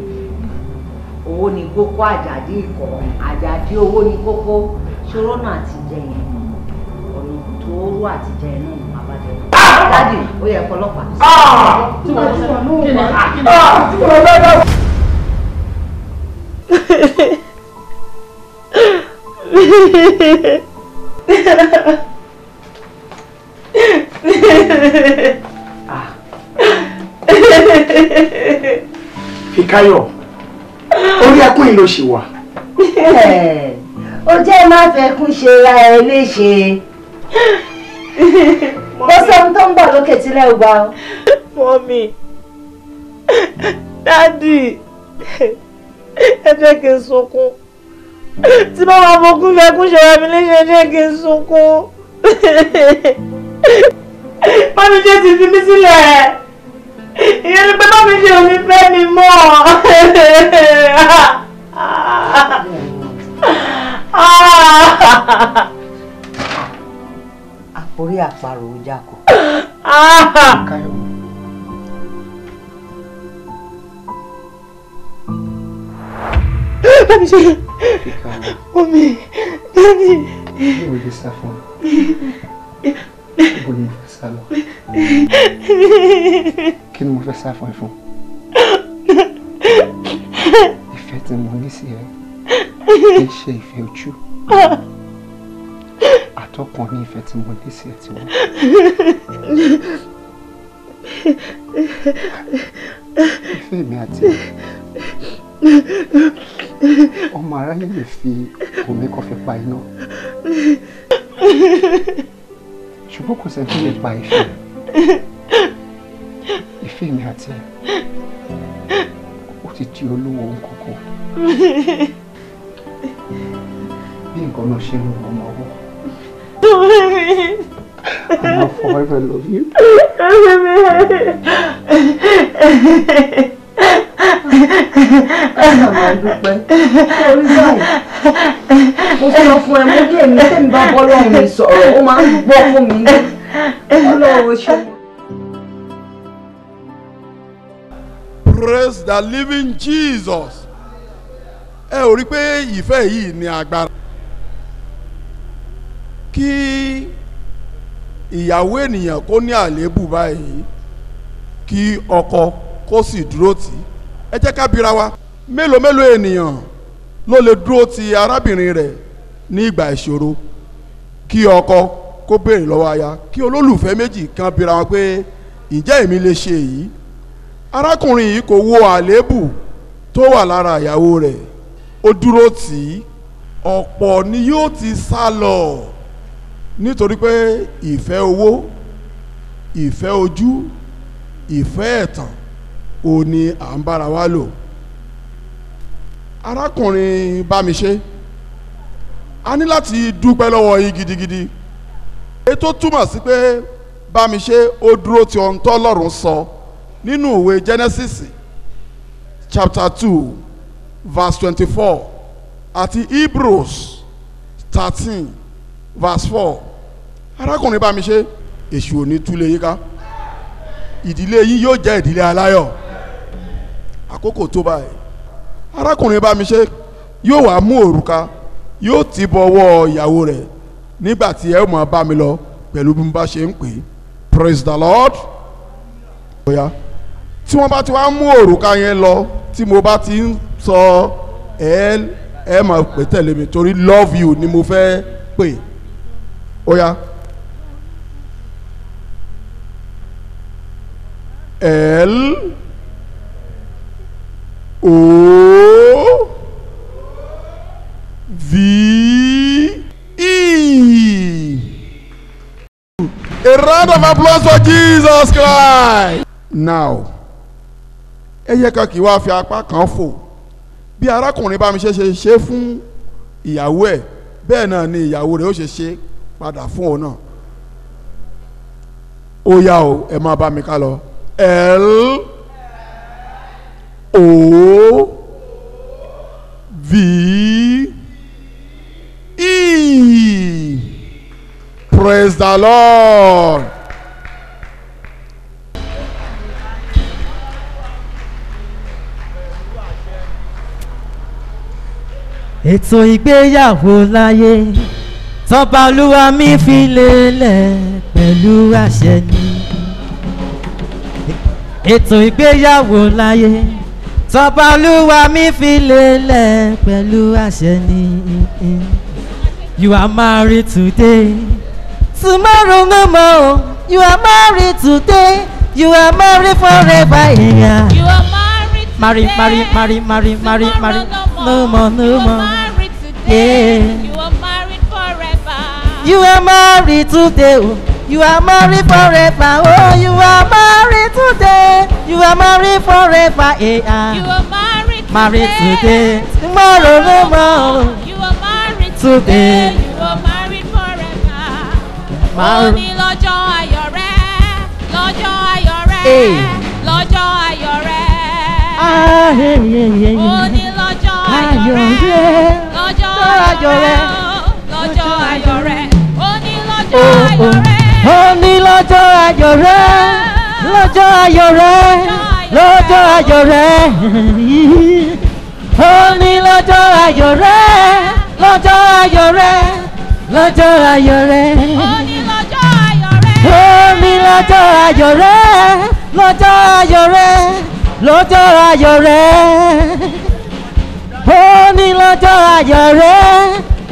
owó ni kókó àjàdí ikọ̀ àjàdí owó ni kókó ṣòro náà àtijẹ́ yẹn ọ̀nà tó rú àtijẹ́ náà dáàdì ó yẹ ẹ̀kọ́ ọlọ́pàá. Fikayo, orí ẹkún yìí ló ṣì wà. Ó jẹ́ má fẹ́ kún ṣe ra ẹ léṣe bó sóhun tó ń bọ̀ lókè tílẹ̀ ò gbà o. mọ́mí dádì ẹ jẹ́ kí n sunkún tí bá wà mọ́kún fẹ́kún ṣẹ̀rọ mi léṣe ẹ jẹ́ kí n sunkún. mọ́mí ṣe ti fi mí sílẹ̀ ìyẹn ni pé mọ́mí ṣe orí àparò jákò. Ah! Bámi ṣe omi bámi. Ìwé lè sá fún mi. Ibo ni mo fẹ́ sá lọ? Kí ni mo fẹ́ sá fún ẹ fún? Ìfẹ́ tí mo ní sí ẹ kì í ṣe ìfẹ́ ojú àtọkàn ní ìfẹ́ tí mo dé sí ẹ ti wọ́n. ìfẹ́ mi àti ọmọ aráyé lè fi omi kọfí pa iná ṣùgbọ́n kò sẹ́ni tó lè pa ìfẹ́ ìfẹ́ mi àti ẹ ó ti di olówó nǹkan kan bí nǹkan náà ṣe ń wọ ọmọ ọwọ́. Mama, forever love you. mo sọ fún ẹ mo bí èmi tẹ́mi bá bọ́ lọ́rùn mi sọ̀rọ̀ ó máa ń gbọ́ fún mi ní ọlọ́run ṣe. Praise the living Jesus ẹ ò rí pé ìfẹ́ yìí ni agbára kí ìyàwó ènìyàn kó ní àléébù báyìí kí ọkọ kó sì dúró tì í ẹ jẹ́ ká bira wa mélòó mélòó ènìyàn ló lè dúró ti arábìnrin rẹ̀ ní ìgbà ìṣòro kí ọkọ kó béèrè lọ́wọ́ aya kí olólùfẹ́ méjì kan bira wọn pé ǹjẹ́ èmi lè ṣe èyí arákùnrin yìí kò wo àléébù tó wà lára ìyàwó rẹ̀ ó dúró tì í ọ̀pọ̀ ni yóò ti sá lọ nítorí pé ìfẹ́ owó ìfẹ́ ojú ìfẹ́ ẹ̀tàn ò ní à ń bára wa lò arákùnrin Bámiṣé a ní láti dúpẹ́ lọ́wọ́ yín gidigidi ètò túmọ̀ sí pé Bámiṣé ó dúró ti ohun tọ́lọ́run sọ nínú ìwé Genesis chapter two verse twenty-four àti Hebrews thirteen verse four arákùnrin bá mi ṣe èṣù ò ní túlé yín ká ìdílé yín yóò jẹ́ ìdílé aláyọ̀ àkókò tó báyìí arákùnrin bá mi ṣe yóò wá mú òrùka yóò ti bọwọ́ ìyàwó rẹ̀ nígbà tí ẹ mọ̀ bá mi lọ pẹ̀lú bí mo bá ṣe ń pè é praise the lord. bóyá tí wọ́n bá ti wá mú òrùka yẹn lọ tí mo bá ti ń sọ ẹ ẹ máa pè tẹ̀lé mi torí love you ni mo fẹ́ pè ó yá. L O V E. A round of applause for Jesus Christ. Now, ẹ yẹ ká kì í wá fi apá kan fò bí arákùnrin bá mi ṣe ṣe ṣe fún ìyàwó ẹ̀ bẹ́ẹ̀ náà ni ìyàwó rẹ̀ ó ṣe ṣe padà fún òun náà ó yá o ẹ máa bá mi ká lọ. L O V E. Praise the Lord. ètò ìgbéyàwó láyé tọ́ba olúwa mi fi lélẹ̀ pẹ̀lú àṣẹ ni ètò ìgbéyàwó láyé tọba olúwa mi fi lélẹ̀ pẹ̀lú àṣẹ ni you are married today tomorrow no more you are married today you are married forever yeah. you are married today marry marry marry marry marry marry no more no more you are married today yeah. you are married forever you are married today. Oh. You are married forever. Oh, you are married today. You are married forever. Eh, ah. You are married, married today. today. Tomorrow, tomorrow. You are married today. today. You are married forever. Mar Òní lọ́jọ́ ayọ̀ rẹ. Lọ́jọ́ Hey. Lọ́jọ́ ayọ̀ Ah, yeah, yeah, yeah, yeah. Òní lọ́jọ́ ayọ̀ rẹ. Lọ́jọ́ ayọ̀ rẹ. Lọ́jọ́ ayọ̀ rẹ. Òní lọ́jọ́ oh, oh. ayọ̀ ó ní lọ́jọ́ ayọ̀ rẹ lọ́jọ́ ayọ̀ rẹ lọ́jọ́ ayọ̀ rẹ ó ní lọ́jọ́ ayọ̀ rẹ lọ́jọ́ ayọ̀ rẹ lọ́jọ́ ayọ̀ rẹ ó ní lọ́jọ́ ayọ̀ rẹ lọ́jọ́ ayọ̀ rẹ lọ́jọ́ ayọ̀ rẹ ó ní lọ́jọ́ ayọ̀ rẹ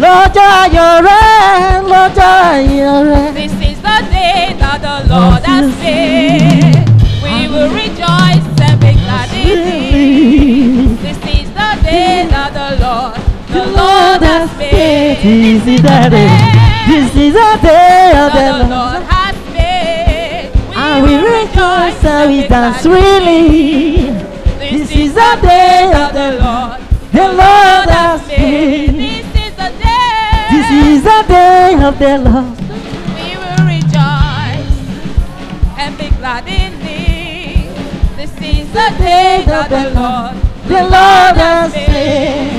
lọ́jọ́ ayọ̀ rẹ lọ́jọ́ ayọ̀ rẹ. This is the day. This is the day of the Lord has made. And we rejoice and we dance freely. This is the day of the Lord. The Lord has made. This is the day. This is the day of the Lord. We will rejoice and be glad in thee. This is the day of the Lord. The Lord has made.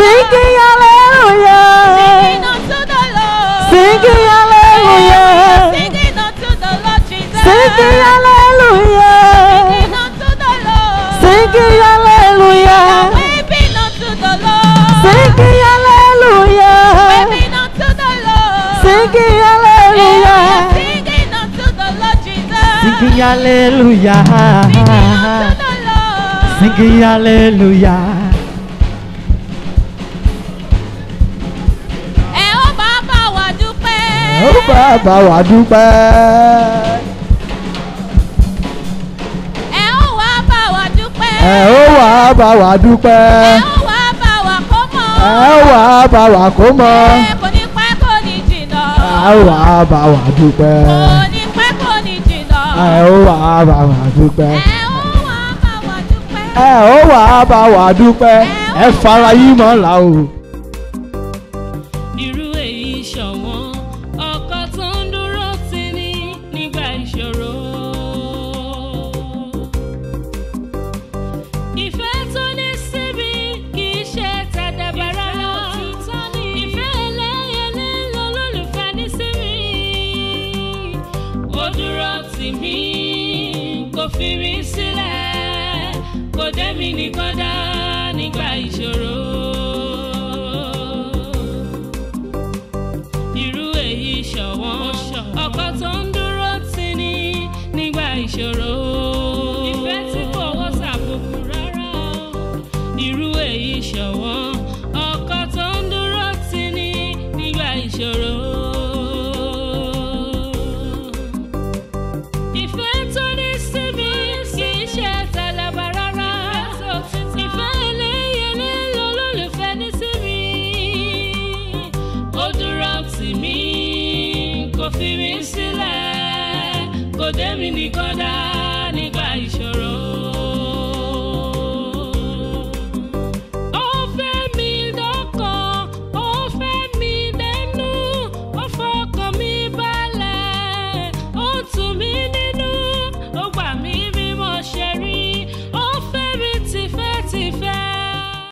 Singing hallelujah. Singing unto the Lord. Singing hallelujah. Singing unto the Lord Jesus. Singing hallelujah. Singing unto the Lord. Singing hallelujah. Weeping unto the Lord. Singing hallelujah. Weeping unto the Lord. Singing hallelujah. Singing unto the Lord Jesus. Singing hallelujah. Singing unto the Lord. Singing hallelujah. ó bàbá wa dúpẹ́. ẹ ó wá bá wa dúpẹ́. ẹ ó wá bá wa dúpẹ́. ẹ ó wá bá wa kó mọ́. ẹ ó wá bá wa kó mọ́. ẹ kò ní pẹ́ kò ní jìnnà. ẹ ó wá bá wa dúpẹ́. kò ní pẹ́ kò ní jìnnà. ẹ ó wá bá wa dúpẹ́. ẹ ó wá bá wa dúpẹ́. ẹ ó wá bá wa dúpẹ́. ẹ fara yín mọ́ra o.